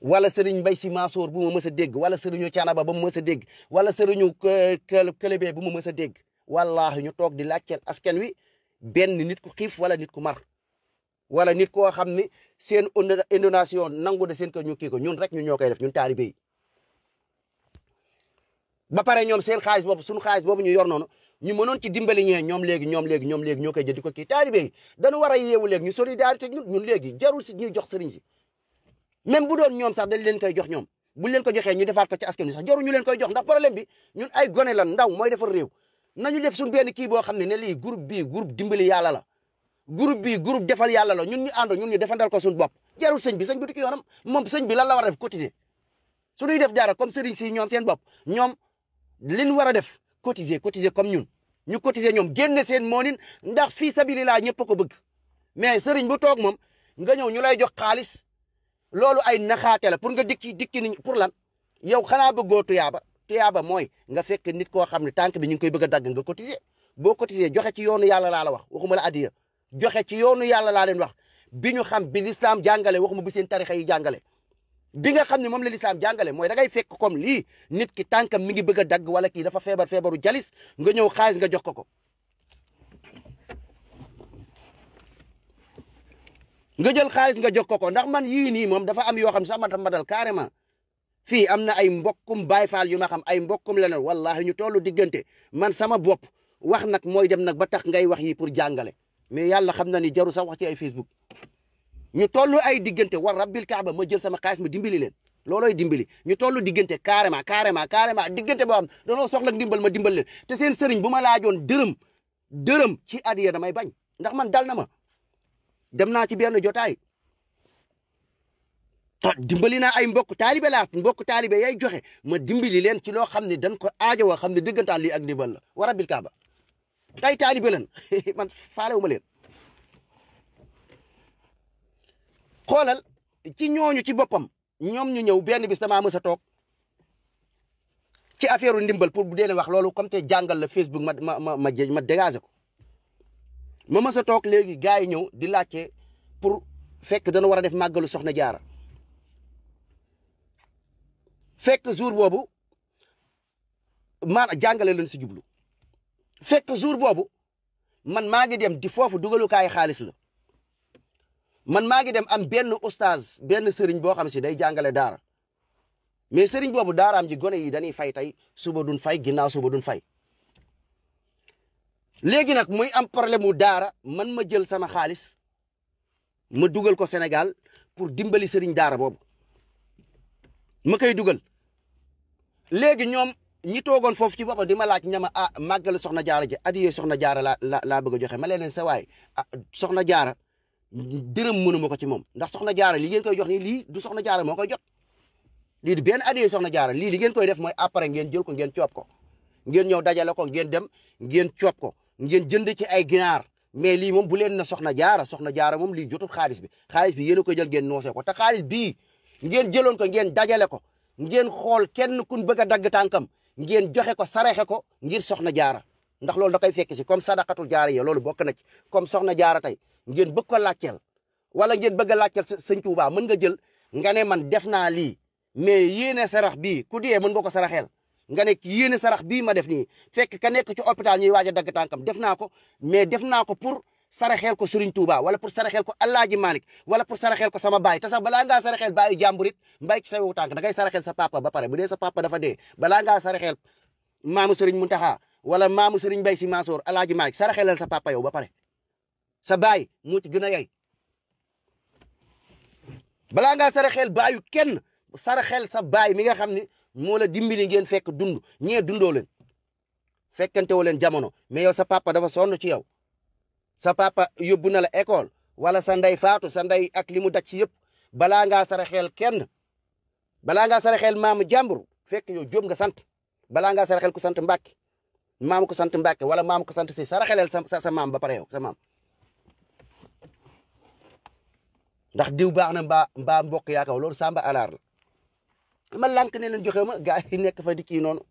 wala sëriñ Mbay Si Mansour bu ma mës a dégg wala sëriñu Canaba ba mu mës a dégg wala sëriñu Këlëbe bu ma mës a dégg wallaahi ñu toog di laajteel askan wi benn nit ku xiif wala nit ku mar wala nit koo xam ne seen inondation nangu de seen kër ñu kii ko ñun rek ñu ñoo koy def ñun taalibe yi ba pare ñoom seen xaalis boobu suñu xaalis boobu ñu yor noonu ñu mënoon ci dimbali ñee ñoom léegi ñoom léegi ñoom léegi ñoo koy jël di ko kii taalibe yi dañu war a yeewu léegi ñu solidarité ñun ñun léegi jarul si ñuy jox sëriñ si même bu doon ñoom sax dañ leen koy jox ñoom buñ leen ko joxee ñu defaat ko ci askan wi sax jarul leen koy jox ndax problème bi ñun ay gone la ndaw mooy defar réew nañu def suñu benn kii boo xam ne ne li groupe bi groupe dimbali yàlla la groupe bii groupe defal yàlla la ñun ñu àndo ñun ñu defandal ko suñu bopp jarul sëñ bi sëñ bi du ki yoonam moom sëñ bi lan la war a def cotiser su ñuy def dara comme sëriñ si ñoom seen bopp li ñu war a def cotiser cotiser comme ñun ñu cotiser ñoom génne seen moonin ndax fii sabilillah ñëpp a ko bëgg mais sëriñ bu toog moom nga ñëw ñu lay jox xaalis loolu ay naxaate la pour nga dikki dikki ni pour lan yow xanaa bëggoo tuyaaba tuyaaba mooy nga fekk nit koo xam ne tànk bi ñu ngi koy bëgg a nga cotiser boo cotiser joxe ci yoonu yàlla laa la wax waxuma la addiya joxe ci yoonu yàlla laa leen wax bi ñu xam bi lislaam jàngale waxuma bi seen tarixa yi jàngale bi nga xam ne moom la lislaam jàngale mooy da ngay fekk comme lii nit ki tànkam mi ngi bëgg a dagg wala kii dafa feebar feebaru jalis nga ñëw xaalis nga jox ko ko. nga jël xaalis nga jox ko ko ndax man yi nii moom dafa am yoo xam sax matam madal carrément fii am na ay mbokkum baay faal yu ma xam ay mbokkum leneen wallahi ñu tollu diggante man sama bopp wax nag mooy dem nag ba tax ngay wax yi pour jàngale mais yàlla xam na ni jaru sax ci ay Facebook. ñu toll ay diggante war rabbil kaaba ma jël sama xaalis ma dimbali leen loolooy dimbali ñu toll diggante carrément carrément carrément diggante boo xam danoo soxla dimbal ma dimbal leen te seen sëriñ bu ma laajoon dërëm dërëm ci adiya damay bañ ndax man dal na ma dem naa ci benn jotaay dimbali naa ay mbokk taalibe laa mbokk taalibe yay joxe ma dimbali leen ci loo xam ne dañ ko aajowoo xam ne dëggantaan lii ak ndimbal la war rabbil kaaba tay taalibe leen man faalewu leen xoolal ci ñooñu ci boppam ñoom ñu ñëw benn bis damaa mës a toog ci affaire ndimbal pour bu dee wax loolu comme te jàngal la Facebook ma ma ma ma ma dégagé ko ma mës a toog léegi gars yi ñëw di laajte pour fekk dana war a def màggalu soxna jaara fekk jour boobu maanaam jàngale lañ si jublu fekk jour boobu man maa ngi dem di foofu dugalukaay xaalis la man maa ngi dem am benn oustaz benn sëriñ boo xam si day jàngale daara mais sëriñ boobu am ji gone yi dañuy fay tey suba duñ fay ginnaaw suba duñ fay. léegi nag muy am problème mu daara man ma jël sama xaalis ma dugal ko senegal pour dimbali sëriñ daara boobu ma koy dugal léegi ñoom ñi toogoon foofu ci boppam di ma laaj ñama ah màggal soxna jaara ji adiyee soxna jaara la la laa bëgg a ma leen sa waay ah soxna jaara dërëm mënuma ko ci moom ndax soxna jaara li ngeen koy jox nii lii du soxna jaara moo koy jot lii du benn addiya soxna jaara lii li ngeen koy mooy après ngeen jël ko ngeen coob ko ngeen ñëw dajale ko ngeen dem ngeen coob ko ngeen jënd ci ay ginaar mais lii moom bu leen na soxna jaara soxna jaara moom lii jotul xaalis bi xaalis bi yéen a koy jël ngeen noosee ko te xaalis bi ngeen jëloon ko ngeen dajale ko ngeen xool kenn kun bëgg a dagg tànkam ngeen joxe ko sarexe ko ngir soxna jaara ndax loolu da koy fekk si comme sadaqatul jaara yi loolu bokk na ci comme soxna jaara tey ngeen bëgg ko laajteel wala ngeen bëgg a laajteel sëñ Tuubaa mën nga jël nga ne man def li lii mais yéene sarax bii ku dee mën nga ko saraxeel nga ne yéene sarax bii ma def nii fekk ka nekk ci hôpital ñuy waaj a dagg tànkam def naa ko mais def naa ko pour saraxeel ko Serigne Touba wala pour saraxeel ko Alaaji Malick wala pour saraxeel ko sama baay te sax balaa ngaa saraxeel baayu jàmbur it mbay ci sa wu tànk da ngay saraxeel sa papa ba pare bu dee sa papa dafa dee balaa ngaa saraxeel maamu mu Mountakha wala maamu Serigne Mbaye Sy Mansour Alaaji Malick saraxeelal sa papa yow ba pare. sa baay moo ci gën a yay balaa ngaa saraxel baayu kenn saraxel sa baay mi nga xam ne moo la dimbali ngeen fekk dund ñee dundoo leen fekkente wu leen jamono mais sa papa dafa sonn ci yow sa papa yóbbu na la école wala sa ndey faatu sa ndey ak li mu daj ci yëpp balaa ngaa saraxel kenn balaa ngaa saraxel maamu jàmbur fekk yow jóob nga sant balaa ngaa saraxel ku sant Mbàkke maam ko sant Mbàkke wala maam ko sant si saraxelel sa sa maam ba pare yow ndax diw baax na mbaa mbaa mbokk yaakaar loolu samba alaar la ma lànk ne leen joxe ma ga yi nekk fa di kii noonu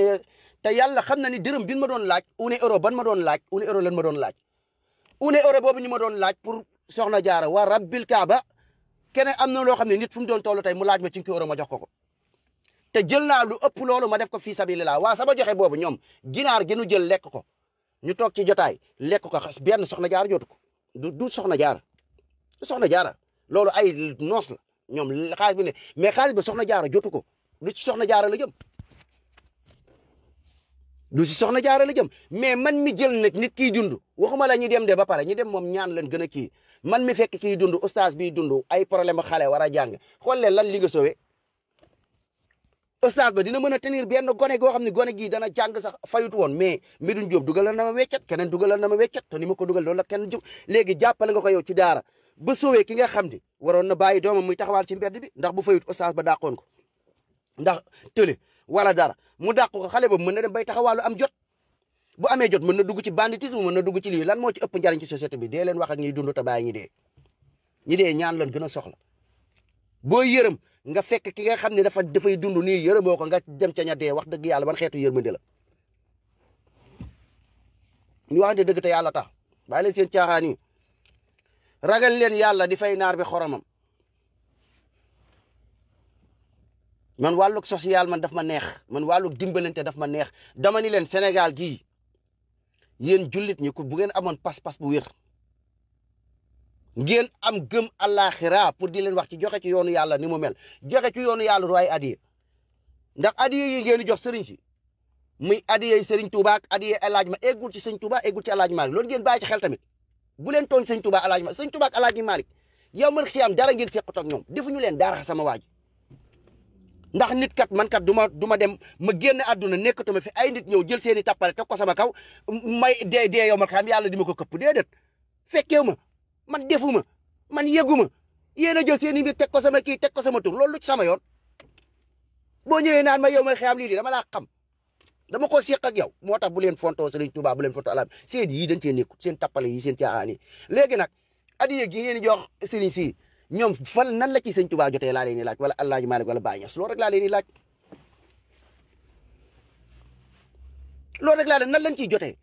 eh, te yàlla xam na ni dërëm bi ma doon laaj une euro ban ma doon laaj une ero lan ma doon laaj une euro boobu ñu ma doon laaj pour soxna jaara waa rabbil kaaba keneen am na loo xam ne nit fu mu doon toll tey mu laaj ma cinq euro ma jox ko ko te jël naa lu ëpp loolu ma def ko fii sabilillah waa sama joxe boobu ñoom ginaar ginu nu jël lekk ko ñu toog ci jotaay lekk ko xas benn soxna jaara jotu ko du du soxna jaara du loolu ay noos la ñoom xaalis bi ne mais xaalis ba soxna jaara jotu ko du ci soxna jaara la jëm du si soxna jaara la jëm mais man mi jël nag nit ki dundu waxuma la ñu dem de ba pare ñu dem moom ñaan leen gën a kii man mi fekk kiy dund ustaas biy dundu ay problème xale war a jàng xool leen lan li nga sowe ustaas ba dina mën a tenir benn gone goo xam ne gone gii dana jàng sax fayut woon mais Medoune Diop dugalal na ma weccat keneen dugalal na ma weccat te ni ma ko dugal loolu la kenn léegi jàppale nga ko yow ci daara ba sowee ki nga xam ni waroon na bàyyi doomam muy taxawaal ci mbedd bi ndax bu fayut oustaz ba dàqoon ko ndax tële wala dara mu dàq ko xale boobu mën na dem bay taxawaalu am jot bu amee jot mën na dugg ci banditisme mën na dugg ci lii lan moo ci ëpp njariñ ci société bi dee leen wax ak ñuy dund te bàyyi ñi dee ñi dee ñaan lan gën a soxla boo yërëm nga fekk ki nga xam ne dafa dafay dund nii yërëmoo ko nga dem ca ña dee wax dëgg yàlla ban xeetu yërmande la ñu waxante dëgg te yàlla tax ragal leen yàlla di fay naar bi xoromam man wàllug social man daf ma neex man wàllug dimbalante daf ma neex dama ni leen Sénégal gii yéen jullit ñi ku bu ngeen amoon pas-pas bu wér ngeen am gëm àllaaxira pour di leen wax ci joxe ci yoonu yàlla ni mu mel joxe ci yoonu yàlla du ay adiya ndax adiya yi ngeen jox sëriñ si muy adiya yi sëriñ Tuubaa ak adiya ma eggul ci sëriñ Tuubaa eggul ci El Hadj Malick ngeen bàyyi ci xel tamit. bu leen tooñ sëñ Touba alaaji Malick sëñ Touba ak alaaji Malick yow man xiyaam dara ngeen sequt ak ñoom defuñu leen dara sama waa ndax nit kat man kat du ma du ma dem ma génn àdduna nekkatuma fi ay nit ñëw jël seen i tàppale teg ko sama kaw may dee dee yow ma xam yàlla dima ma ko këpp déedéet fekkeewu ma man defuma man yëguma yéen a jël seen i mbir teg ko sama kii teg ko sama tur loolu lu sama yoon boo ñëwee naan ma yow ma xiyaam lii dama laa xam dama ko seq ak yow moo tax bu leen fontoo Serigne Touba bu leen fontoo alaam seen yii dañ cee nekku seen tappale yi seen caaxaan yi léegi nag adiya gi ngeen jox Serigne si ñoom fan nan la ci Serigne Touba jotee laa laaj wala El Hadj Malick wala Baye Niass loolu rek laa leen di laaj. loolu rek laa leen nan lañ ciy jotee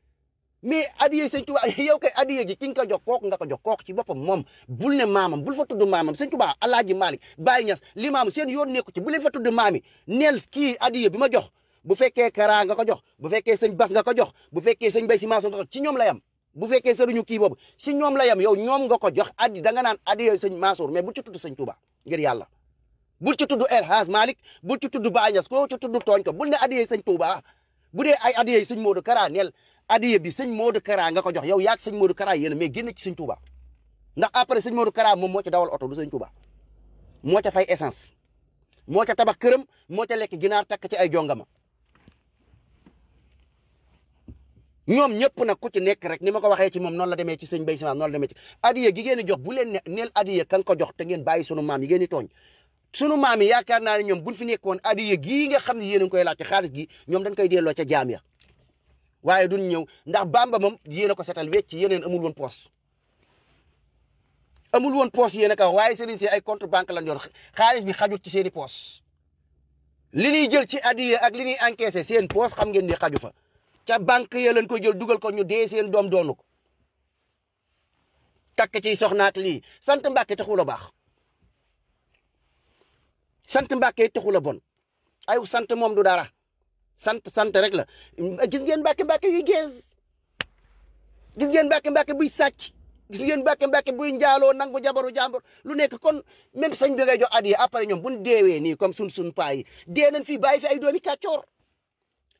mais adiya Serigne Touba yow kay adiya gi ki nga ko jox kooku nga ko jox kooku ci boppam moom bul ne maamam bul fa tudd maamam Serigne Touba El Hadj Malick Baye Niass li maam seen yoon nekku ci bu leen fa tudd maami neel kii adiya bi ma jox. bu fekkee Kara nga ko jox bu fekkee sëñ Bas nga ko jox bu fekkee sëñ Bay si maaso nga ñoom la yam bu fekkee sëriñu kii boobu si ñoom la yam yow ñoom nga ko jox addi da nga naan addi yooyu sëñ Mansour mais bul ci tudd sëñ Touba ngir yàlla bul ci tudd El Hadj Malick bul ci tudd Baye Niass koo ci tudd tooñ ko bul ne addi yooyu sëñ Touba bu dee ay addi yooyu sëñ Modou Kara neel addi bi sëñ Modou Kara nga ko jox yow yaak sëñ Modou Kara yéen mais génn ci sëñ Touba ndax après sëñ Modou Kara moom moo ci dawal oto du sëñ Touba moo ca fay moo ca tabax këram moo ca lekk ginaar takk ci ay jongama ñoom ñëpp nag ku ci nekk rek ni ma ko waxee ci moom noonu la demee ci sëñ Bay Simaam noonu la demee ci adiya gi ngeen di jox ne neel adiya kan ko jox te ngeen bàyyi sunu maam yi ngeen di tooñ sunu maam yi yaakaar naa ne ñoom buñ fi nekkoon adiya gii nga xam ne yéen a ngi koy laaj gi ñoom dañ koy delloo ca jaam ya waaye duñ ñëw ndax bamba moom yéen ko ko setal ci yeneen amul woon poos amul woon poos yéen a ko waaye sëriñ si ay compte banque lañ yor xaalis bi xajut ci seen i li ñuy jël ci adiya ak li ñuy encaissé seen poos xam ngeen ne xaju fa ca banque ya leen koy jël dugal ko ñu dee seen doom doonu ko ci ciy soxnaak lii sant mbake taxul a baax sant mbake taxul a bon ay sant moom du dara sant sant rek la gis ngeen Mbàkke Mbàkke yuy gees gis ngeen Mbàkke Mbàkke buy sàcc gis ngeen Mbàkke Mbàkke buy njaaloo nangu jabaru jàmbur lu nekk kon même sañ bi ngay jox adiya après ñoom bu ñu deewee nii comme sun sun paa yi dee nañ fi bàyyi fi ay doomi kàccoor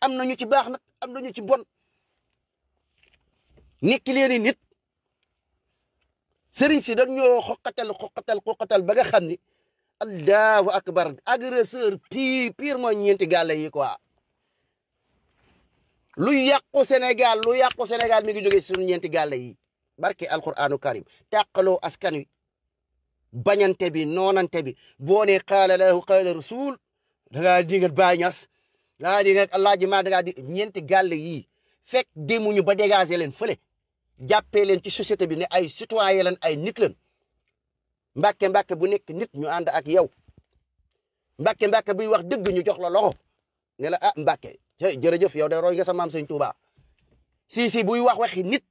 am na ñu ci baax nag am na ñu ci bon nekki leen nit sëriñ si dañ ñoo xoqatal xoqatal ba nga xam ni allahu akbar agresseur pire pire mo ñeenti gàlle yi quoi lu yàqu Sénégal lu yàqu Sénégal mi ngi jógee suñu ñeenti gàlle yi barke alquranu karim tàqaloo askan wi bañante bi noonante bi boo ne qaala lahu qaala rasul da ngaa dingat bàyñas laa di rek allah ji maa di ñeenti gàll yii fekk demuñu ba dégager leen fële jàppee leen ci société bi ne ay citoyen lañ ay nit lañ mbàkke bu nekk nit ñu ànd ak yow mbake mbàkke buy wax dëgg ñu jox la loxo ne la ah mbàkke jërëjëf yow de roy nga sa maam sëñ Tuubaa si si buy wax waxi nit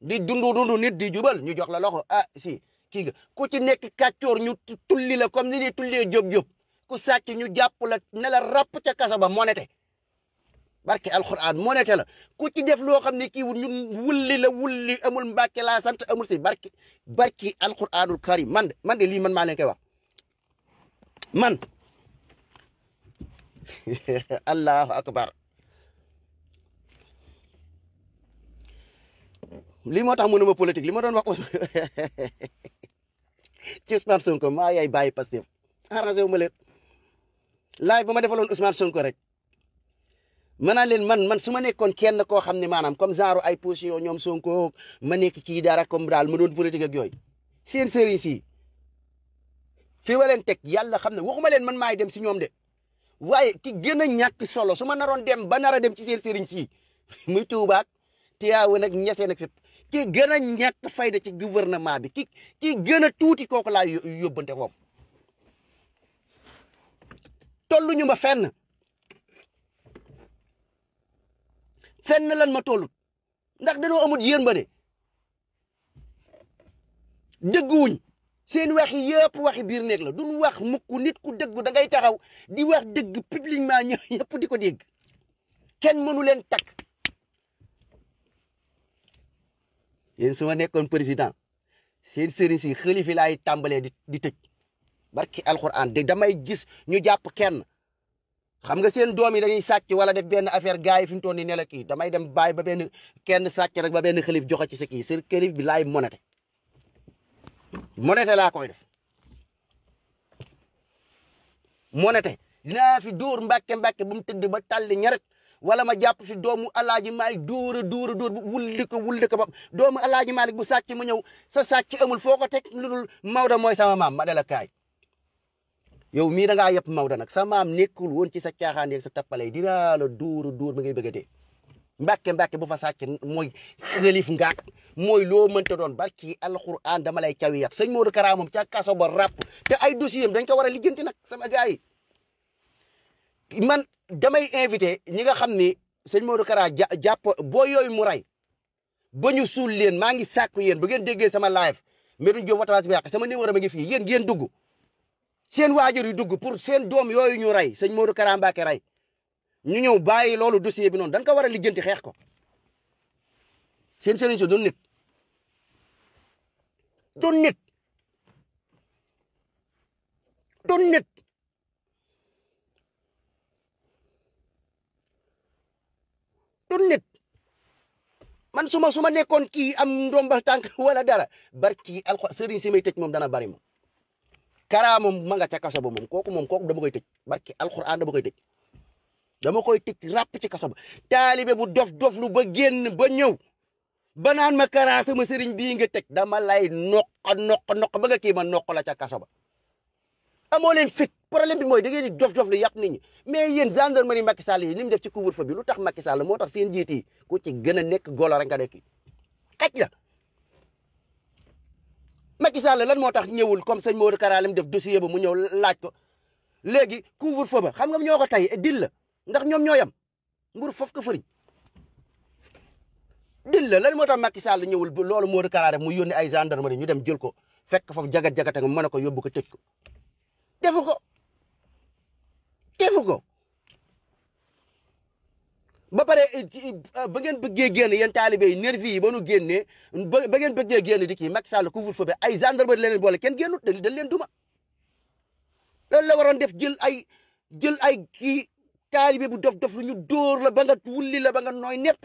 di dundu dundu nit di jubal ñu jox la loxo ah si kii nga ku ci nekk kàccoor ñu tulli la comme ni ñuy tullee jóob jóob ku sàcc ñu jàpp la ne la ràpp kasa ba monete barke alxuraan monete la ku ci def loo xam ne kii ñun wulli la wulli amul mbàkke laa sant amul si barke barki alxuraanul karim man de lii man maa leen koy wax man allahu akbar lii moo tax mënuma politique li ma doon wax ci Ousmane Sonko maa yaay bàyyi Pastef arrangé wu ma leen laaj bu ma defaloon Ousmane Sonko rek ma naan leen man man su ma nekkoon kenn koo xam ne maanaam comme genre ay position ñoom Sonko ma nekk kii dara comme daal ma doon politique ak yooyu seen sëriñ si fi ma leen teg yàlla xam ne waxuma leen man maay dem si ñoom de waaye ki gën a ñàkk solo su ma naroon dem ba nara dem ci seen sëriñ si muy Touba ak Tivaouane ak Niassène na fépp ki gën a ñàkk fayda ci gouvernement bi ki ki gën a tuuti kooku laa yóbbante foofu tolluñu ma fenn fenn lan ma tollut ndax dañoo amut yéen ba ne dëgguwuñ seen wax yi waxi biir néeg la duñ wax mukk nit ku dëggu da ngay taxaw di wax dëgg publiquement ñëw yëpp di ko dégg kenn mënu leen takk yéen su ma nekkoon président seen sëriñ si xalifi laay tàmbalee di di tëj barki alxuraan de damay gis ñu jàpp kenn xam nga seen doom yi dañuy sàcc wala def benn affaire gars yi fi mu toll nii ne la kii damay dem bàyyi ba benn kenn sàcc rek ba benn xalif joxe ci sa kii seen xalif bi laay monété monété laa koy def monété dinaa fi dóor mbàkke mbàkke bu mu tëdd ba talli ñaret wala ma jàpp fi doomu alaaji maalik dóora dóora dóor bu wulli ba doomu alaaji maalik bu sàcc mu ñëw sa sàcc amul foo ko teg lu dul Maodo moy sama maam ma dala kaay yow mii da ngaa yëpp Maodo nag sa maam woon ci sa caaxaan yeeg sa tappale dinaa la duuru duur ba ngay bëgg a dee mbàkke mbàkke bu fa sàcc mooy xelif ngaak mooy loo mënta doon barki alquran dama lay cawiyat sëñ Modou Kara moom ca kaso ba ràpp te ay dossier dañ ko war a lijjanti nag sama gars man damay invité ñi nga xam ni sëñ Modou Kara ja jàpp boo yooyu mu rey ba ñu suul leen maa ngi sàkku yéen bu ngeen déggee sama live Medoune Diop Watawassy bi yàq sama numéro ba ngi fii yéen ngeen dugg seen waajur yu dugg pour seen doom yooyu ñu rey sëñ Modou Kara Mbacké rey ñu ñëw bàyyi loolu dossier bi noon dañ ko war a lijjanti xeex ko seen sëriñ su doon nit doon nit doon nit doon nit man suma suma nekkoon kii am ndomba tànk wala dara barki alxo sëriñ si may tëj moom dana bari moom Kara ma nga ca kaso ba moom kooku moom kooku dama koy tëj barki alxuraan dama koy tëj dama koy tëj ràpp ci kaso ba taalibe bu dof dof lu ba génn ba ñëw ba naan ma Kara sama sëriñ bii nga teg dama lay noq noq noq ba nga kii ma noq la ca kaso ba amoo leen fit problème bi mooy da ngeen di dof dof lu yàq nit ñi mais yéen gendarmerie Macky Sall yi li mu def ci couvre-feu bi lu tax Macky Sall moo tax seen jiit yi ku ci gën a nekk golo rek nga nekk xaj la Macky Sall lan moo tax ñëwul comme sëñ Modou Kara lim def dossier ba mu ñëw laaj ko léegi couvre-feu ba xam nga ñoo ko tey dil la ndax ñoom ñoo yam mbur foofu ko fëriñ dil la lan moo tax Macky Sall ñëwul loolu Modou Kara def mu yónni ay gendarmerie ñu dem jël ko fekk foofu jagat jagat ak mën a ko yóbbu ko tëj ko defu ko defu ba pare eh, eh, ba ngeen bëggee génn yéen taalibe yi nervi yi ba nu génnee ba ngeen bëggee génn di kii Macky Sall couvre-feu bi ay gendarmerie leneen boole kenn génnut dañ leen duma loolu la waroon def jël ay jël ay kii taalibe bu dof dof lu ñu dóor la ba nga wulli la ba nga nooy nepp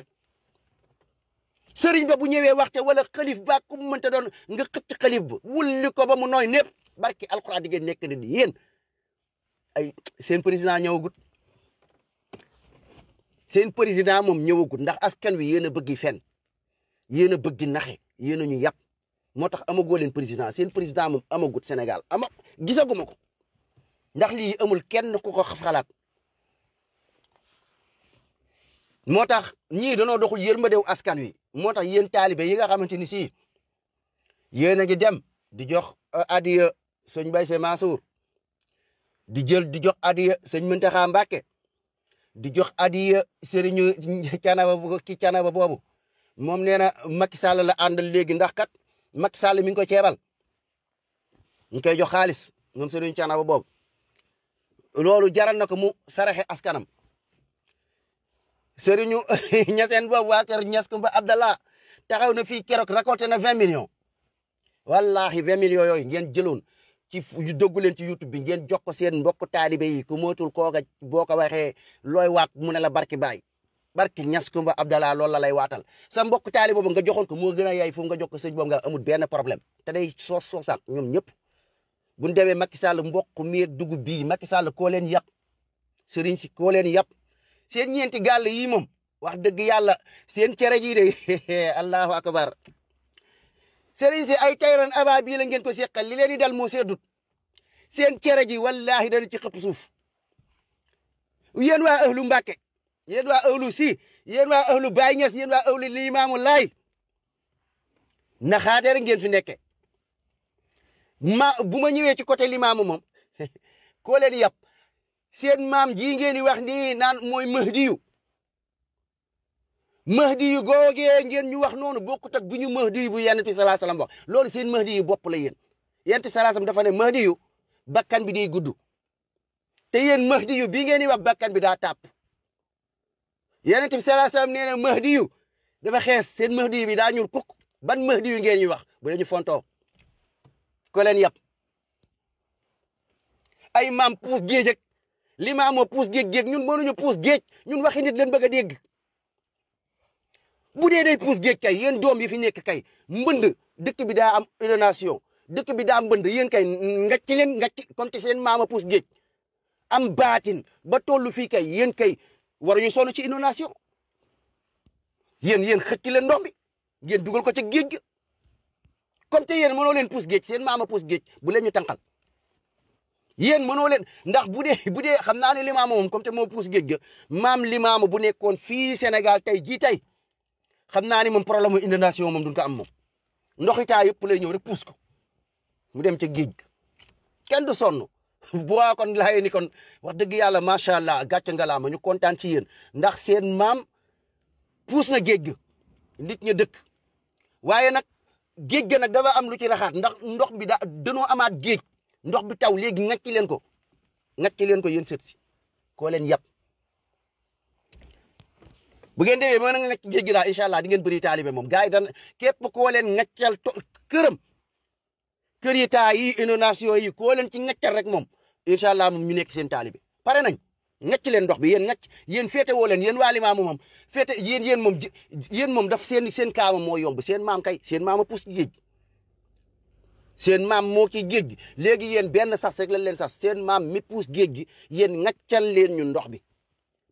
sëriñ ba bu ñëwee waxte wala xalif ba ku mu mënta doon nga xëcc xalif ba wulli ko ba mu nooy nepp barki alxuraan di ngeen nekk ni yéen ay seen président ñëwagut seen président moom ñëwagul ndax askan wi yéen a bëgg fen yéen a bëgg naxe yéen a ñu yàpp moo tax amagoo leen président seen président moom amagut senegal ama gisaguma ko ndax li amul kenn ku ko xalaat moo tax ñii danoo doxul yërmandew askan wi moo tax yéen taalibe yi nga xamante ni si yéen a ngi dem di jox euh, adiya sëñ Baye Mansour di jël di jox adiya sëñ Mountakha mbake di jox adiya sëriñu canaba ki canaba boobu moom nee na Macky Sall la àndal léegi ndax kat Macky Sall mi ngi ko ceebal ñu koy jox xaalis moom sëriñu canaba boobu loolu jaral na ko mu saraxe askanam sëriñu ñaseen boobu waa kër ñas kumba Abdallah taxaw na fii keroog récolté na vingt millions wallahi vingt millions yooyu ngeen jëloon ci yu doggu leen ci youtube bi ngeen jox ko seen mbokk taalibe yi ku mootul kooga boo ko waxee looy waat mu ne la barki baay barki ñas kumba abdallah loolu la lay waatal sa mbokk taalibe boobu nga joxoon ko moo gën a yaay nga jox ko sëñ boobu nga amul benn problème te day soos soosaat ñoom ñëpp bu ñu demee Macky Sall mboq mi dugub bii Macky Sall koo leen yàpp sëriñ si koo leen yàpp seen ñeenti gàll yi moom wax dëgg yàlla seen cere ji de allahu akbar sëriñ si ay tayran ababil ngeen ko seqal li leen di dal moo seddut seen cere ji wallaahi dana ci xëpp suuf yéen waa ahlu Mbàkke yéen waa ahlu si yéen waa ahlu Baay Ñas yéen waa ahlu Limaamu Laay naxaate rek ngeen fi nekke ma bu ma ñëwee ci côté limaamu moom koo leen yàpp seen maam ji ngeen di wax nii naan mooy Mahdiyu mahdi yu googee ngeen ñu wax noonu bokkut ak bu ñu mahdi yu bu yonent bi salaa loolu seen mahdi yu bopp la yéen yonent bi salaa salaam dafa ne mahdi yu bakkan bi day gudd te yéen mahdi yu bii ngeen di wax bakkan bi daa tàpp yonent bi salaa salaam nee na dafa xees seen mahdi yu bi daa ñuul kuk ban mahdi yu ngeen ñu wax bu dee ñu fontoo koleen leen yab ay maam puus géej ak li maamoo puus géej géej ñun mënuñu puus géej ñun waxi nit leen bëgg a dégg bu dee day pousse géej kay yéen doom yi fi nekk kay mbënd dëkk bi daa am inondation dëkk bi daa am mbënd yéen kay ngacc leen ngacc comme seen maama pousse géej am baatin ba tollu fii kay yéen kay waruñu sonn ci inondation yéen yéen xëcc leen ndoom bi ngeen dugal ko ci géej gi comme te yéen mënoo leen pousse géej seen maama pousse géej bu leen ñu tànqal yen mënoo leen ndax bu dee bu dee xam naa ne limaama moom comme te moo pousse géej ga maam limaama bu nekkoon fii Sénégal tey jii tey xam naa ni moom problème mu inondation moom mu ko am moom ndoxitaa yëpp lay ñëw rek puus ko mu dem ca géej kenn du sonn bu waa kon laajee kon wax dëgg yàlla macha allah gàcce ma ñu kontaan ci yéen ndax seen maam puus na géej ga nit ña dëkk waaye nag géej ga nag dafa am lu ci raxaat ndax ndox bi daa danoo amaat géej ndox bi taw léegi ngacci leen ko ngacci leen ko yéen sët si koo leen yàpp bu ngeen demee mën a ngacc géej gi daal incha allah di ngeen bëri taalibe moom gars yi dana képp koo leen ngaccal to këram kër yi taa yi inondation yi koo leen ci ngaccal rek moom incha allah moom ñu nekk seen taalibe pare nañ ngacc leen ndox bi yéen ngacc yéen féete woo leen yéen waa moom féete yéen yéen moom yéen moom daf seen seen kaama moo yomb seen maam seen maama pus ci maam moo ci géej gi léegi yéen benn sas rek lañ leen sas seen maam mi puus géej gi yéen ngaccal leen ñu ndox bi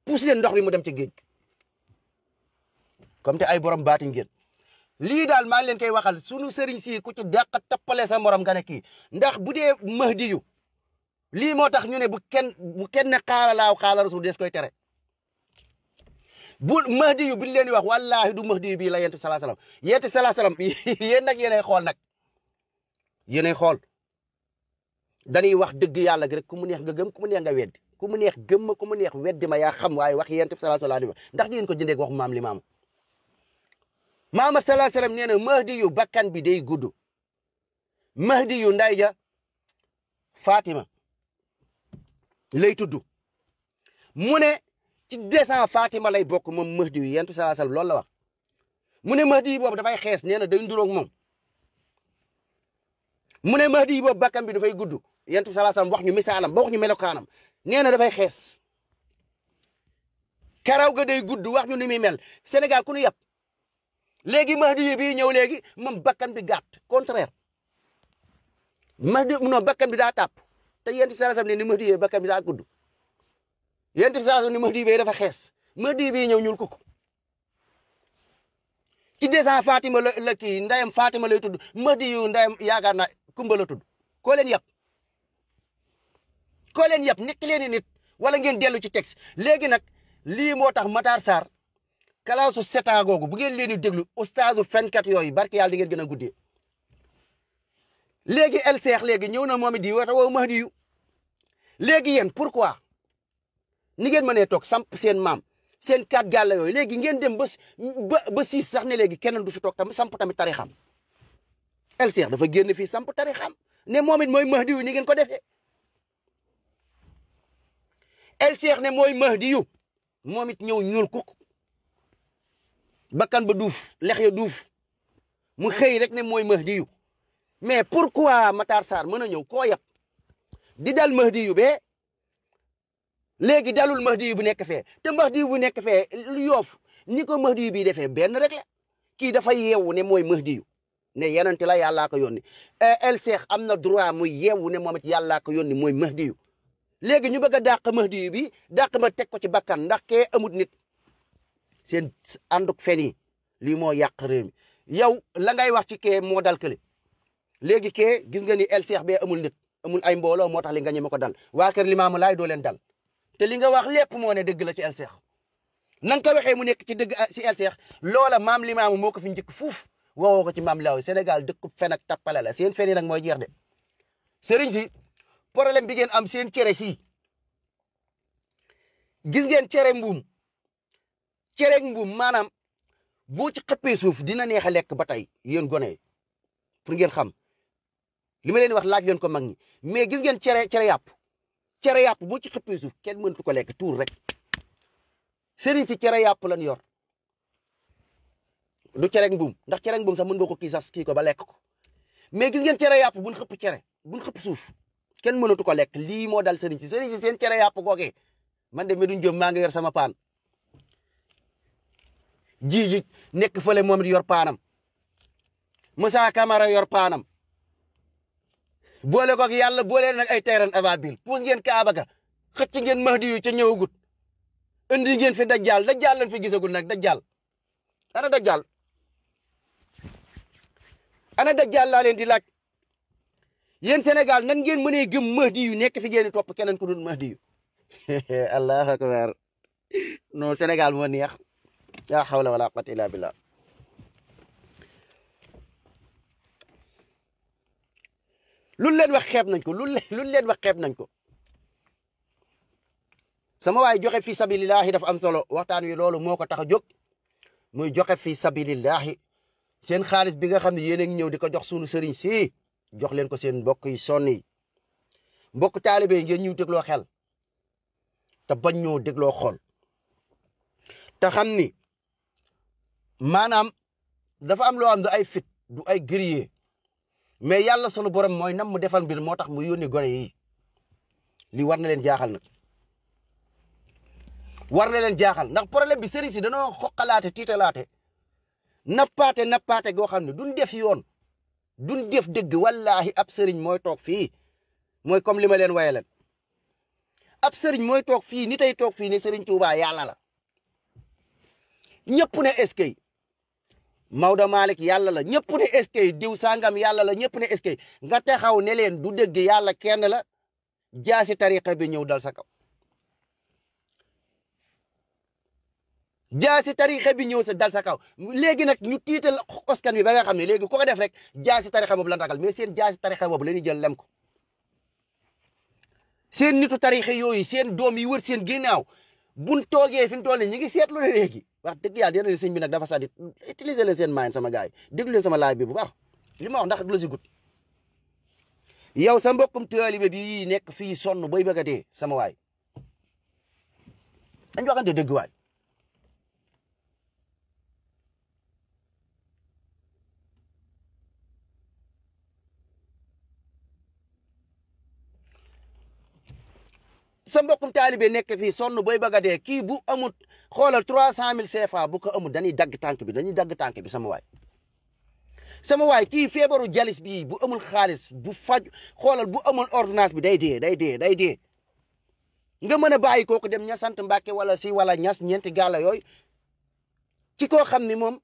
puus leen ndox bi mu dem ci géej gi comme te ay borom baati ngeen lii daal maa ngi leen koy waxal sunu sëriñ si ku ci dàq tappale sa morom nga ne kii ndax bu dee mahdi yu lii moo tax ñu ne bu kenn bu kenn xaala laaw xaala rasul des koy tere bu mahdi yu bi leen di wax wallahi du mahdi yu bii la yent salaa salaam yent salaa salaam yéen nag yéenay xool nag yéenay xool dañuy wax dëgg yàlla gi rek mu neex nga gëm ku mu neex nga weddi ku mu neex gëm ma ku mu neex weddi ma yaa xam waaye wax yent salaa salaam ndax di ngeen ko jëndee wax maam li maamu maa sallallahu alayhi wa sallam nee na mahdi yu bakkan bi day gudd mahdi yu nday ja Fatima lay tudd mu ne ci descend Fatima lay bokk moom mahdi yu yentu sallallahu alayhi wa sallam loolu la wax mu ne mahdi yi boobu dafay xees nee na day nduróog moom mu ne mahdi yi boobu bakkan bi dafay gudd yentu sallallahu alayhi wa sallam wax ñu misaalam ba wax ñu melokaanam nee na dafay xees karaw ga day gudd wax ñu ni mel Sénégal ku ñu léegi mahdi bii ñëw léegi moom bakkan bi gàtt contraire mahdi non bakkan bi daa tàpp te yéen tamit saa ne ni mahdi bakkan bi daa gudd yéen tamit ni mahdi bee dafa xees mahdi bii ñëw ñuul kukk ci descend Fatima la la kii ndeyam Fatima lay tudd mahdi yu ndeyam yaakaar naa Kumba tudd koo leen yab koo leen yab nekk nit wala ngeen dellu ci texte léegi nag lii moo tax Matar Sarr. kalaasu setan googu bu ngeen leen di déglu ustaasu fenkat yooyu barke yàlla di ngeen gën a léegi el seex léegi ñëw na moom it di wata woo mahdi yu léegi yéen pourquoi ni ngeen ne toog samp seen maam seen kat gàlla yooyu léegi ngeen dem ba ba siis sax ne léegi keneen du fi toog tam samp tamit tarixam el seex dafa génn fii samp tari tarixam ne moomit mooy mahdi yu ni ngeen ko defee el seex ne mooy mahdi yu moom it ñëw ñuul kuk bakkan ba duuf lex ya duuf mu xëy rek ne mooy Mahdi yu mais pourquoi Matar Sarr mën a ñëw koo yab di dal Mahdi yu bee léegi dalul Mahdi bu nekk fee te Mahdi bu nekk fee yoof ñi ko Mahdi yu bii defee benn rek la kii dafa yeewu ne mooy Mahdi ne yenente la yàllaa ko yónni eh, el Cheikh am na droit muy yeewu ne moom it yàllaa ko yónni mooy Mahdi yu léegi ñu bëgg a dàq Mahdi bi dàq ma teg ko ci bakkan ndax kee amut nit seen ànduk fen yi lii moo yàq réew mi yow la ngay wax ci kee moo dal kële léegi kee gis nga ni el seex bee amul nit amul ay mbooloo moo tax li nga ñeme ko dal waa kër limaamu laay doo leen dal te li nga wax lépp moo ne dëgg la ci el seex na nga ko waxee mu nekk ci dëgg si ah, el seex loola maam limaamu moo ko fi njëkk fuuf woowoo ko ci maam laaw Sénégal dëkkub fen ak seen fen yi nag mooy jeex de sëriñ si problème bi ngeen am seen cere si gis ngeen cere mbuum cereeg mbuum maanaam boo ci xëppee suuf dina neex a lekk ba tey yéen gone pour ngeen xam li ma leen wax laaj leen ko mag ñi mais gis ngeen cere cere yàpp cere yàpp boo ci xëppee suuf kenn mëntu ko lekk tuur rek sëriñ si cere yàpp lañ yor du cereeg mbuum ndax cereeg mbuum sax mën nga ko kii sas ko ba lekk ko mais gis ngeen cere yàpp buñ xëpp cere buñ xëpp suuf kenn mënatu ko lekk lii moo dal sëriñ si sëriñ si seen cere yàpp googee man de Medoune Diop maa ngi yor sama paan jiiji nekk fële moom it yor paanam Moussa Camara yor paanam boole koog yàlla boole na ay tayran ababil puus ngeen Kaaba ga xëcc ngeen Mahdi yu ca ñëwagut indi ngeen fi dajjal dajjal lañ fi gisagul nag dajjal ana dajjal ana dajjal laa leen di laaj yéen Sénégal nan ngeen mënee gëm Mahdi nekk fi ngeen di topp keneen ku dul Mahdi yu allahu akbar non Sénégal moo neex. laa hawla wala quwwata illa billah lu leen wax xeeb nañ ko lu leen wax xeeb nañ ko sama waay joxe fi sabilillahi am solo waxtaan wi loolu moo ko tax a jóg muy joxe fi sabilillahi seen xaalis bi nga xam ne yéen a ñëw di ko jox suñu sëriñ si jox leen ko seen mbokk yi sonn yi mbokk taalibe yi ngeen ñëw dégloo xel te bañ ñoo dégloo xool ni maanaam dafa am loo xam du ay fit du ay guerrier mais yàlla sunu borom mooy nam mu defal mbir moo tax mu yónni gone yi li war na leen jaaxal na war na leen jaaxal ndax problème bi sëriñ si danoo xoqalaate tiitalaate nappaate nappaate goo xam ne duñ def yoon duñ def dëgg wallaahi ab sëriñ mooy toog fii mooy comme li ma leen waye leen ab sëriñ mooy toog fii ni tey toog fii ne sëriñ Tuubaa yàlla la ñëpp ne eskay Maodo Malick yàlla la ñëpp ne est-ce que diw sangam yàlla la ñëpp ne est-ce que nga taxaw ne leen du dëgg yàlla kenn la jaasi tariqa bi ñëw dal sa kaw. jaasi tarixa bi ñëw sa dal sa kaw léegi nag ñu tiital askan wi ba nga xam ne léegi ku ko def rek jaasi tarixa boobu lan ragal mais seen jaasi tarixa boobu la ñuy jël lem ko. seen nitu tarixa yooyu seen doom yi wër seen ginnaaw buñ toogee fi mu toll nii ñu ngi seetlu ne léegi wax dëgg yàlla yéen a sëñ bi nag dafa sadi utiliser le seen moyen sama gars yi déglu sama laaj bi bu baax li ma wax ndax du la si gudd yow sa mbokkum taalibe bi nekk fii sonn booy bëggatee sama waay dañ waxante dëgg waay sa mbokkum taalibe nekk fii sonn booy bëgg a kii bu amut xoolal trois cent mille CFA bu ko amut dañuy dagg tànk bi dañuy dagg tànk sama waay sama waay kii feebaru jalis bii bu amul xaalis bu faj xoolal bu amul ordonnance bi day dee day dee day dee nga mën a bàyyi kooku dem ña sant Mbàkke wala si wala ñas ñeenti gàlla yooyu ci koo xam ni moom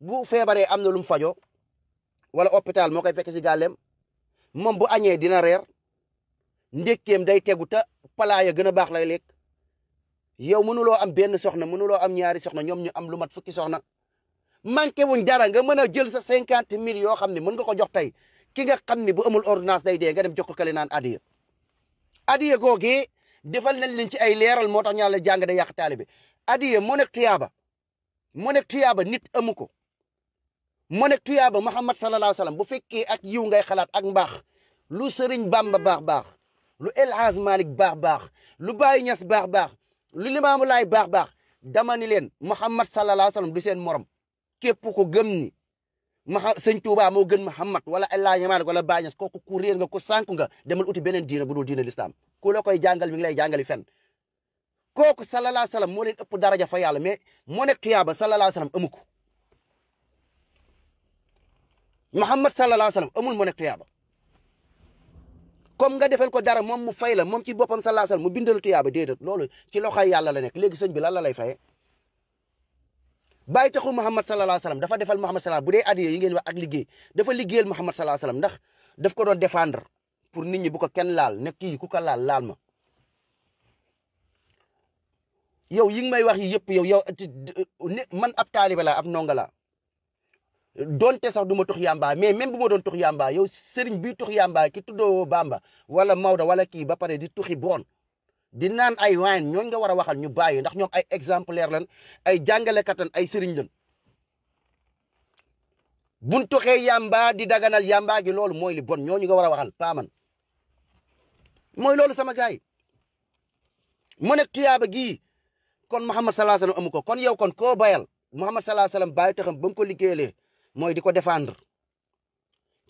bu feebaree am na lu mu fajoo wala hopital moo koy fekk si gàlleem moom bu añee dina reer ndékkeem day tegu ta palaaya gën a baax lay lekk yow mënuloo am benn soxna mënuloo am ñaari soxna ñoom ñu am lu mat fukki soxna manqué wuñ dara nga mën a jël sa cinquante mille yoo xam ne mën nga ko jox tey ki nga xam ni bu amul ordonnance day dee nga dem jox ko kale naan adiya adiya googee defal nañ leen ci ay leeral moo tax ñaan la jàng day yàq taalibe adiya moo nekk tuyaaba moo nekk tuyaaba nit amu ko moo nekk tuyaaba Muhammad sallallahu alayhi wa sallam bu fekkee ak yiw ngay xalaat ak mbaax lu sëriñ Bamba baax baax lu El Hadj Malick baax baax lu Baye Niass baax baax lu Limaamu Laay baax baax dama ni leen Muhammad sallallahu alayhi wa sallam du seen morom képp ko gëm ni ma sëñ Touba moo gën Muhammad wala El Hadj Malick wala Baye Niass kooku ku réer nga ko sànku nga demal uti beneen diina bu dul diina lislaam ku la koy jàngal mi ngi lay jàngali fenn kooku sallallahu alayhi wa sallam moo leen ëpp daraja fa yàlla mais moo nekk tuyaaba sallallahu alayhi wa sallam amu ko Muhammad sallallahu alayhi wa sallam amul moo nekk comme nga defel ko dara moom mu fay la moom ci boppam sa laasal mu bindal tuyaaba déedéet loolu ci loxoy yàlla la nekk léegi sëñ bi lan la lay fayee bàyyi taxu Muhammad sallallahu alayhi wasallam dafa defal Muhammad sallallahu bu dee adiya yi ngeen wax ak liggéey dafa liggéeyal Muhammad sallallahu alayhi wasallam ndax daf ko doon défendre pour nit ñi bu ko kenn laal ne ki ku ko laal laal ma. yow yi nga may wax yi yëpp yow yow man ab taaliba laa ab ndongo laa donte sax du ma tux yàmba mais même bu ma doon tux yàmba yow sëriñ bi tux yàmba ki tuddoo Bamba wala Maodo wala kii ba pare di tuxi bon di naan ay wayn ñooñ nga war a waxal ñu bàyyi ndax ñoom ay exemplaire lan ay jàngalekat lan ay sëriñ lan buñ tuxee yàmba di daganal yàmba gi loolu mooy li bon ñooñu nga war a waxal paaman mooy loolu sama gaay mu nekk tuyaaba gi kon Muhammad sallallahu alayhi wasallam amu ko kon yow kon koo bayal Muhammad sallallahu alayhi wasallam bàyyi taxam ba mu ko liggéeyalee mooy di ko défendre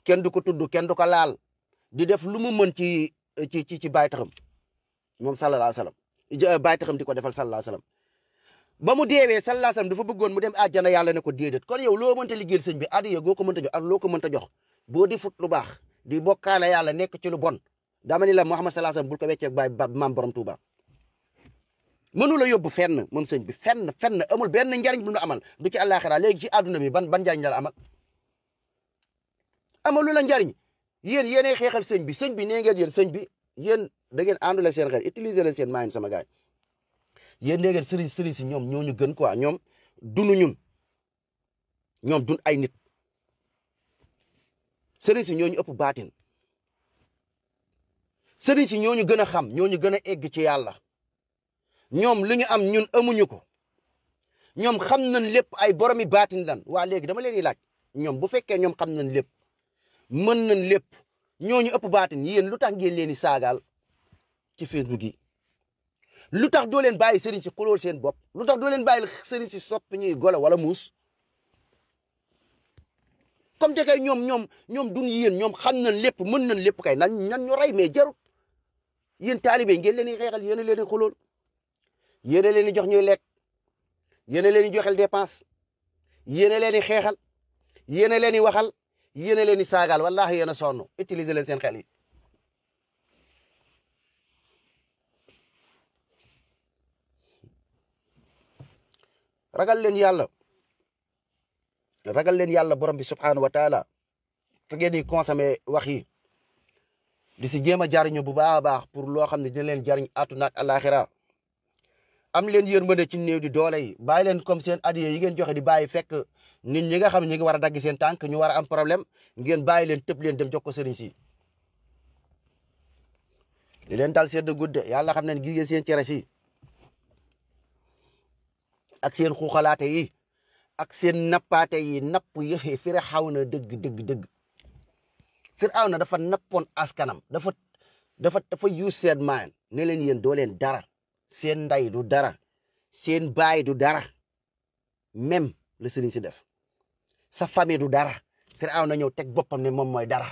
kenn du ko tudd kenn du ko laal di def lu mu mën ci ci ci ci baytaxam moom sallallahu alayhi wasallam euh, baytaxam di ko defal sallallahu alayhi wasallam ba mu deewee sallallahu alayhi wasallam dafa bëggoon mu dem àjjana yàlla ne ko déedéet kon yow loo mënta liggéeyal sëñ bi adiya goo ko mënta jox ak loo ko mënta jox boo di fut lu baax di bokkaale yàlla nekk ci lu bon dama ni la Muhammad sallallahu alayhi wasallam bul ko weccee baay maam borom Tuuba mënu la yóbbu fenn moom sëñ bi fenn fenn amul benn njariñ bu ñu amal du ci àllaaxira léegi ci àdduna ban ban njariñ la amal amalu la njariñ yéen yéenay xeexal sëñ bi sëñ bi nee ngeen yéen sëñ bi yéen da ngeen àndule seen xel utiliser leen seen moyen sama gaay yéen nee ngeen sëriñ si ñoom ñoo ñu gën quoi ñoom dunu ñun ñoom dun ay nit sëriñ si ñooñu ñu ëpp baatin sëriñ si ñoo ñu gën a xam ñoo ñu gën a egg ci yàlla. ñoom lu ñu am ñun amuñu ko ñoom xam nañ lépp ay boromi baatin lan waa léegi dama leen di laaj ñoom bu fekkee ñoom xam nañ lépp mën nañ lépp ñu ëpp baatin yéen lu tax ngeen leen di saagaal ci Facebook yi lu tax doo leen bàyyi sëriñ si xulóol seen bopp lu tax doo leen bàyyi sëriñ si soppi ñuy golo wala muus comme te kay ñoom ñoom ñoom duñ yéen ñoom xam nañ lépp mën nañ lépp kay nan nan ñu rey mais jarut yéen taalibe ngeen leen di xeexal yéen a leen di xulóol yéen leen di jox ñuy lekk yéen a leen di joxel dépense yéen leen di xeexal yéen leen di waxal yéen a leen di saagaal wallaahi yéen a sonn utiliser leen seen xel ragal leen yàlla ragal leen yàlla borom bi subhaanahu wa taala te ngeen di consommer wax yi di si jéem a jariñu bu baax baax pour loo xam ne dina leen jariñ àdduna ak àllaaxira am leen yërmande ci néew di doole yi bàyyi leen comme seen adiya yi geen joxe di bàyyi fekk nit ñi nga xam ñi ngi war a dagg seen tànk ñu war a am problème ngeen bàyyi leen tëb leen dem jox ko sëriñ si li leen dal seen gudde yàlla xam ne gis ngeen seen cere si ak seen xuuxalaate yi ak seen nappaate yi napp yëxe fira xaw na dëgg dëgg dëgg Firawna dafa nappoon askanam dafa dafa dafa use seen maan ne leen yéen doo leen dara seen nday du dara seen baay du dara même la sëriñ si def sa famille du dara Firaaw na ñëw teg boppam ne moom mooy dara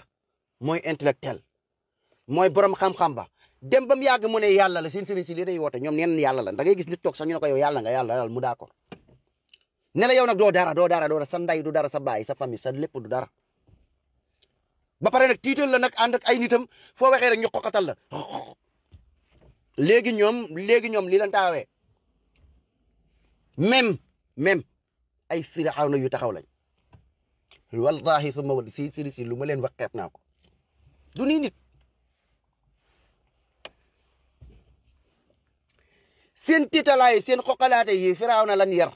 mooy intellectuel mooy borom xam-xam ba dem ba mu yàgg mu ne yàlla la seen sëriñ si lii day woote ñoom neen yàlla la da ngay gis nit sa sax ñu ne ko yow yàlla nga yàlla yàlla mu d'accord ne la yow nag doo dara doo dara doo dara sa nday du dara sa baay sa famille sa lépp du dara. ba pare nag tiital la nag ay nitam foo waxee rek ñu xoqatal la léegi ñoom léegi ñoom lii lañ taxawee même même ay firawna yu taxaw lañ wallahi suma wad si si si lu ma leen wax xeeb naa ko du nii nit seen titalaay seen xoqalaate yi firawna lan yar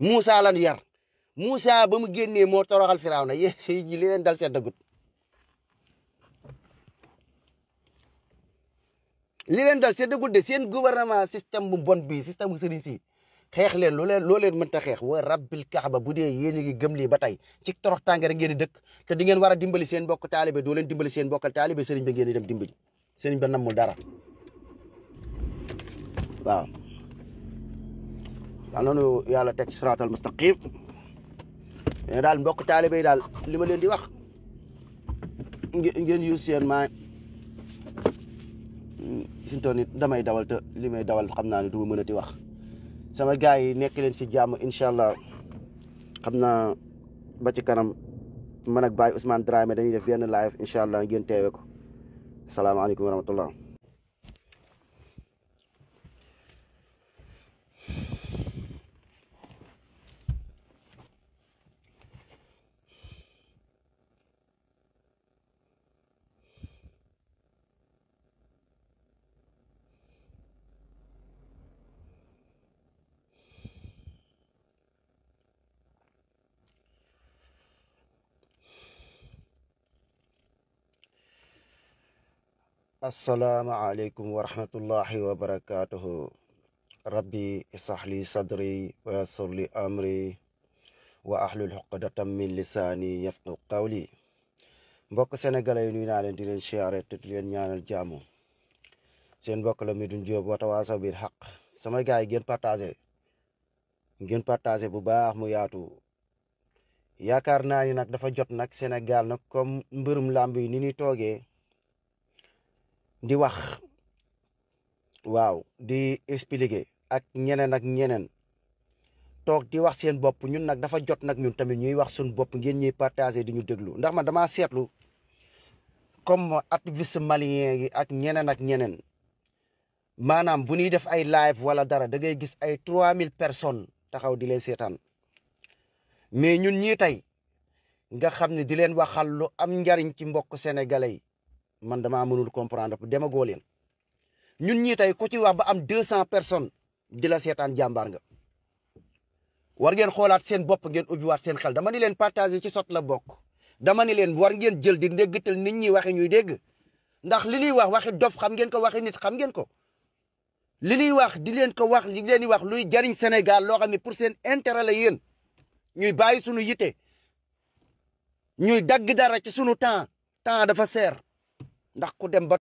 Moussa lan yar Moussa ba mu génnee moo toroxal firawna yéen si li leen dal seen dëggut li leen dal seddagul de seen gouvernement système bu bon bi système bu sëriñ si xeex leen loo leen loo leen mënta xeex wa rabbil kaaba bu dee yéen a ngi gëm lii ba tey ci torox tànge rek ngeen di dëkk te di ngeen a dimbali seen bokk taalibe doo leen dimbali seen bokkal taalibe sëriñ ba ngeen di dem dimbali sëriñ ba namul dara waaw daa noonu yàlla teg siraatal mustaqim daal mbokk taalibe daal li ma leen di wax ngeen use seen maa fi mu toll damay dawal te li may dawal xam naa ne du ma mënati wax sama gars yi nekk leen si jàmm incha allah xam naa ba ci kanam man ak Baye Ousmane Dramé dañuy def benn live incha allah ngeen teewe ko salaamaaleykum wa asalaamaaleykum wa rahmatullahi wa barakaatuhu rabbi isahli sadri wa yassir li amri wa ahlul uqdatam min lisaani yafqahu qawli mbokk sénégalais yi nuyu naa leen di leen siyaare te jaamu seen mbokk la Medoune Diop wa tawaasaw bil sama gars yi ngeen partagé ngeen partagé bu baax mu yaatu yaakaar naa ni nag dafa jot nag Sénégal nag comme mbërum làmb yi ni ñuy toogee di wax waaw di expliquer ak ñeneen ak ñeneen toog di wax seen bopp ñun nag dafa jot nag ñun tamit ñuy wax suñ bopp ngeen ñuy partager di ñu déglu ndax man damaa seetlu comme activiste malien yi ak ñeneen ak ñeneen maanaam bu ñuy def ay live wala dara da ngay gis ay 3000 personnes taxaw di leen seetaan mais ñun ñii tey nga xam ne di leen waxal lu am njariñ ci mbokk sénégalais yi man damaa mënul comprendre pu demagoo leen ñun ñii tey ku ci wax ba am deux cent personnes di la seetaan jàmbaar nga. war ngeen xoolaat seen bopp ngeen ubbiwaat seen xel dama ni leen partager ci sot la bokk dama ni leen war ngeen jël di ndéggatal nit ñi waxe ñuy dégg ndax li ñuy wax waxi dof xam ngeen ko waxi nit xam ngeen ko. li ñuy wax di leen ko wax li leen di wax luy jariñ Sénégal loo xam ne pour seen intérêt la yéen ñuy bàyyi sunu yite ñuy dagg dara ci sunu temps temps dafa seer. ndax ku dem ba